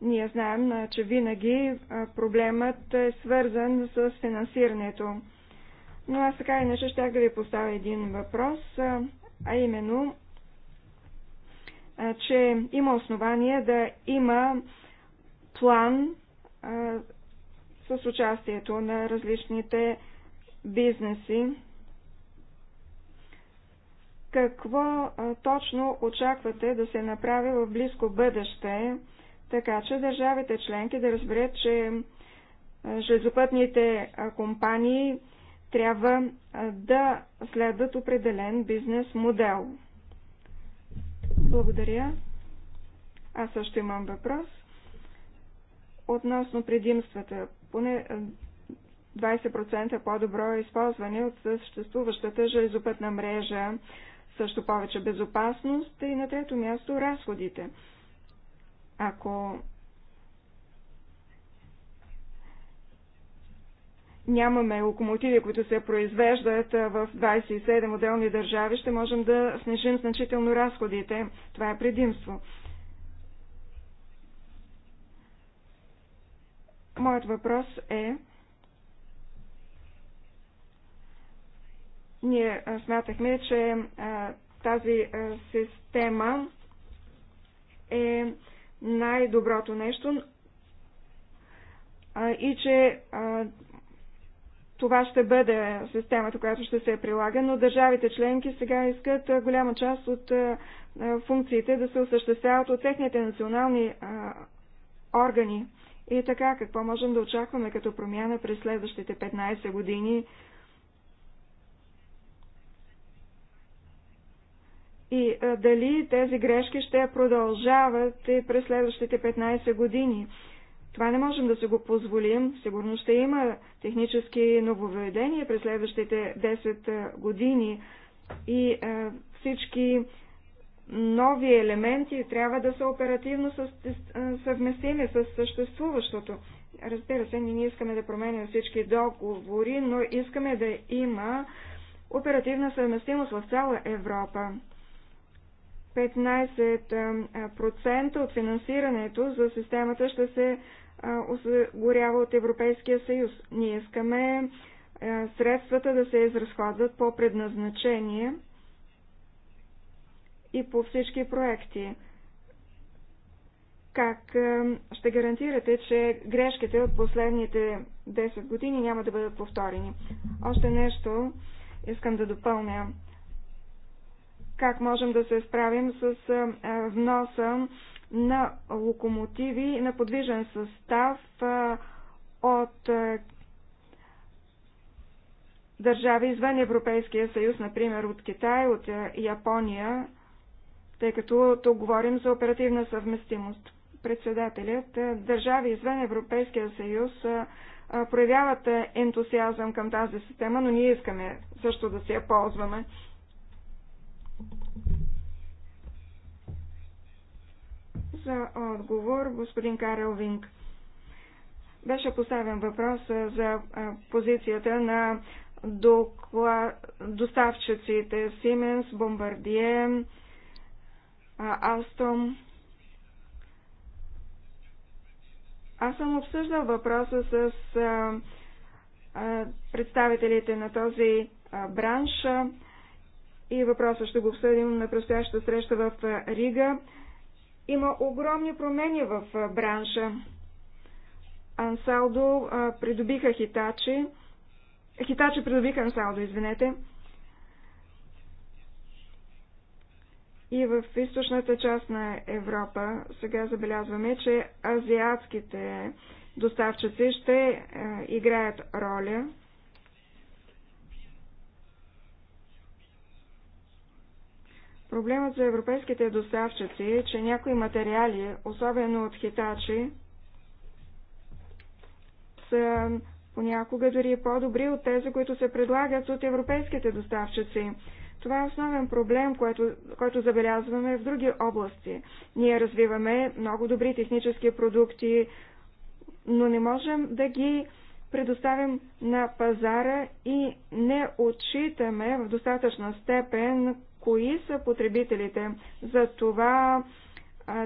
[SPEAKER 3] Ние знаем, е, че винаги проблемът е свързан с финансирането. Но аз така иначе щях да ви поставя един въпрос, а именно че има основание да има план с участието на различните бизнеси. Какво точно очаквате да се направи в близко бъдеще, така че държавите членки да разберат, че железопътните компании трябва да следват определен бизнес модел. Благодаря. Аз също имам въпрос. Относно предимствата, поне 20% по-добро използване от съществуващата железопътна мрежа, също повече безопасност и на трето място разходите. Ако нямаме локомотиви, които се произвеждат в 27 отделни държави, ще можем да снижим значително разходите. Това е предимство. Моят въпрос е, ние смятахме, че тази система е най-доброто нещо и че това ще бъде системата, която ще се прилага, но държавите членки сега искат голяма част от функциите да се осъществяват от техните национални органи. И така, какво можем да очакваме като промяна през следващите 15 години? И дали тези грешки ще продължават и през следващите 15 години? Това не можем да се го позволим. Сигурно ще има технически нововведения през следващите 10 години и а, всички нови елементи трябва да са оперативно съвместими с съществуващото. Разбира се, ние не искаме да променим всички договори, но искаме да има оперативна съвместимост в цяла Европа. 15% от финансирането за системата ще се осигурява от Европейския съюз. Ние искаме средствата да се изразходват по предназначение и по всички проекти. Как ще гарантирате, че грешките от последните 10 години няма да бъдат повторени? Още нещо искам да допълня как можем да се справим с вноса на локомотиви на подвижен състав от държави извън Европейския съюз, например от Китай, от Япония, тъй като тук говорим за оперативна съвместимост. Председателят, държави извън Европейския съюз проявяват ентусиазъм към тази система, но ние искаме също да се я ползваме. За отговор господин Карел Винг. Беше поставен въпрос за позицията на доставчиците Сименс, Бомбардие, Алстом. Аз съм обсъждал въпроса с представителите на този бранш и въпроса ще го обсъдим на предстоящата среща в Рига. Има огромни промени в бранша. Ансалдо придобиха Хитачи. Хитачи придобиха Ансалдо, извинете. И в източната част на Европа сега забелязваме, че азиатските доставчици ще играят роля Проблемът за европейските доставчици е, че някои материали, особено от хитачи, са понякога дори по-добри от тези, които се предлагат от европейските доставчици. Това е основен проблем, който, който забелязваме в други области. Ние развиваме много добри технически продукти, но не можем да ги предоставим на пазара и не отчитаме в достатъчна степен кои са потребителите. За това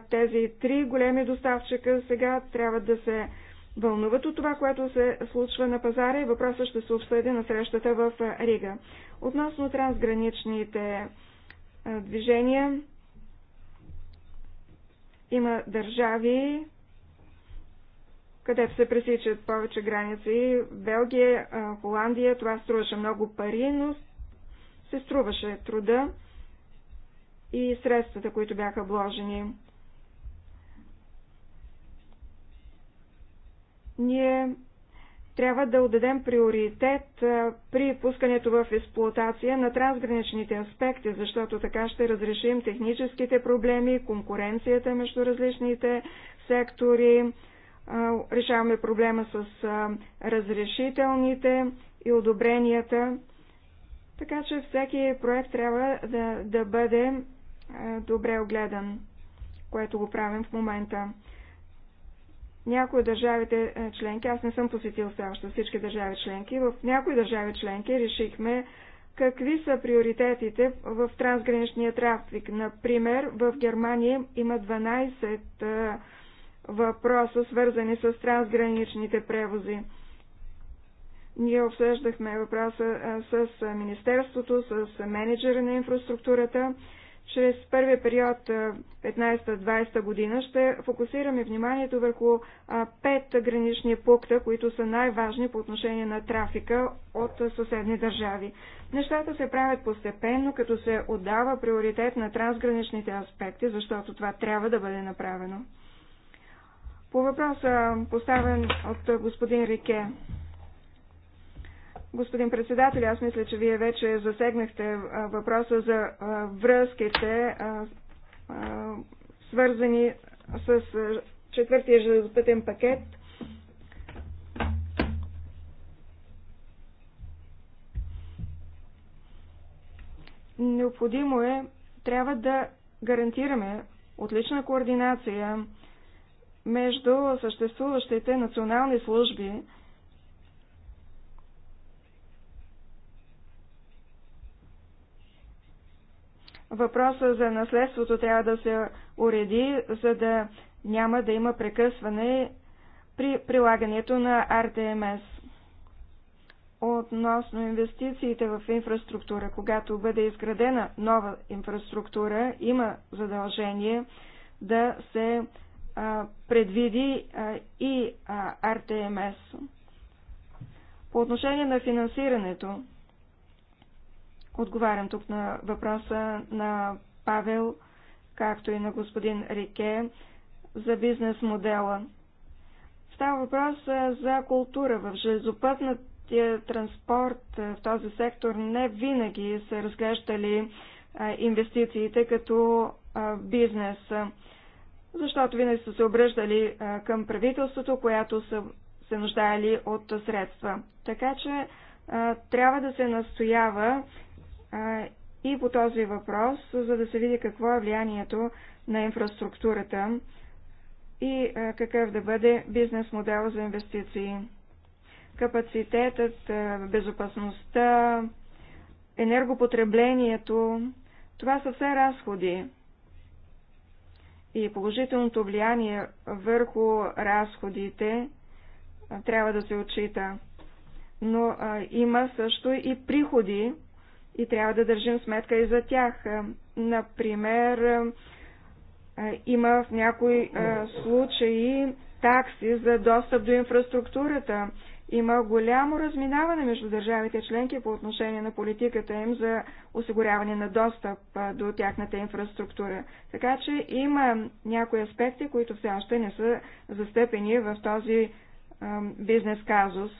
[SPEAKER 3] тези три големи доставчика сега трябва да се вълнуват от това, което се случва на пазара и въпросът ще се обсъди на срещата в Рига. Относно трансграничните движения, има държави, където се пресичат повече граници. Белгия, Холандия, това струваше много пари, но се струваше труда и средствата, които бяха вложени. Ние трябва да отдадем приоритет при пускането в експлуатация на трансграничните аспекти, защото така ще разрешим техническите проблеми, конкуренцията между различните сектори, решаваме проблема с разрешителните и одобренията. Така че всеки проект трябва да, да бъде е, добре огледан, което го правим в момента. Някои държавите е, членки, аз не съм посетил все още всички държави членки, в някои държави членки решихме какви са приоритетите в трансграничния трафик. Например, в Германия има 12 е, въпроса, свързани с трансграничните превози. Ние обсъждахме въпроса с Министерството, с менеджера на инфраструктурата. Чрез първия период 15-20 година ще фокусираме вниманието върху пет гранични пункта, които са най-важни по отношение на трафика от съседни държави. Нещата се правят постепенно, като се отдава приоритет на трансграничните аспекти, защото това трябва да бъде направено. По въпроса, поставен от господин Рике, Господин председател, аз мисля, че вие вече засегнахте въпроса за връзките, свързани с четвъртия железопътен пакет. Необходимо е, трябва да гарантираме отлична координация между съществуващите национални служби, Въпроса за наследството трябва да се уреди, за да няма да има прекъсване при прилагането на РТМС. Относно инвестициите в инфраструктура, когато бъде изградена нова инфраструктура, има задължение да се а, предвиди а, и а, РТМС. По отношение на финансирането, Отговарям тук на въпроса на Павел, както и на господин Рике, за бизнес модела. Става въпрос за култура. В железопътния транспорт в този сектор не винаги са разглеждали инвестициите като бизнес, защото винаги са се обръждали към правителството, която са се нуждаели от средства. Така че трябва да се настоява и по този въпрос, за да се види какво е влиянието на инфраструктурата и какъв да бъде бизнес модел за инвестиции. Капацитетът, безопасността, енергопотреблението, това са все разходи. И положителното влияние върху разходите трябва да се отчита. Но а, има също и приходи, и трябва да държим сметка и за тях. Е, например, е, е, има в някои случаи такси за достъп до инфраструктурата. Има голямо разминаване между държавите членки по отношение на политиката им за осигуряване на достъп до тяхната инфраструктура. Така че има някои аспекти, които все още не са застъпени в този бизнес казус.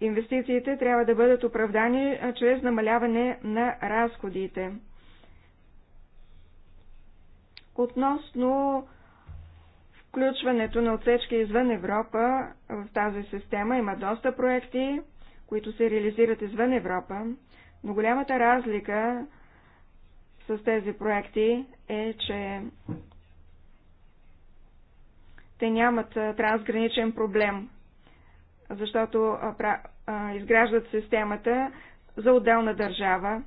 [SPEAKER 3] Инвестициите трябва да бъдат оправдани чрез намаляване на разходите. Относно включването на отсечки извън Европа в тази система има доста проекти, които се реализират извън Европа, но голямата разлика с тези проекти е, че те нямат трансграничен проблем защото изграждат системата за отделна държава.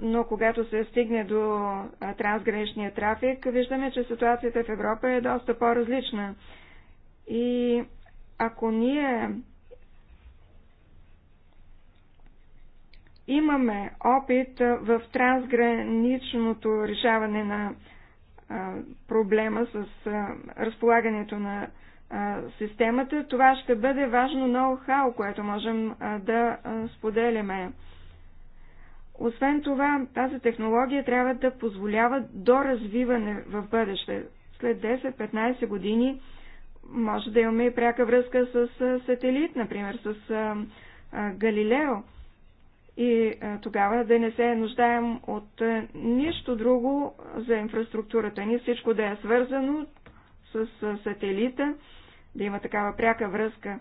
[SPEAKER 3] Но когато се стигне до трансграничния трафик, виждаме, че ситуацията в Европа е доста по-различна. И ако ние имаме опит в трансграничното решаване на проблема с разполагането на системата, това ще бъде важно ноу-хау, което можем да споделяме. Освен това, тази технология трябва да позволява до развиване в бъдеще. След 10-15 години може да имаме и пряка връзка с сателит, например с Галилео. И тогава да не се нуждаем от нищо друго за инфраструктурата ни, всичко да е свързано с сателита да има такава пряка връзка.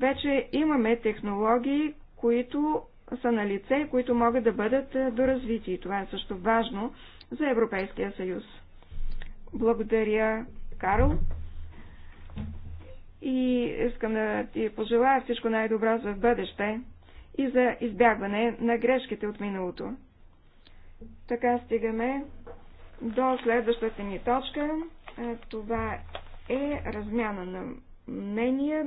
[SPEAKER 3] Вече имаме технологии, които са на лице и които могат да бъдат е, доразвити. Това е също важно за Европейския съюз. Благодаря, Карл. И искам да ти пожелая всичко най-добро за бъдеще и за избягване на грешките от миналото. Така стигаме до следващата ни точка. Е, това е е размяна на мнения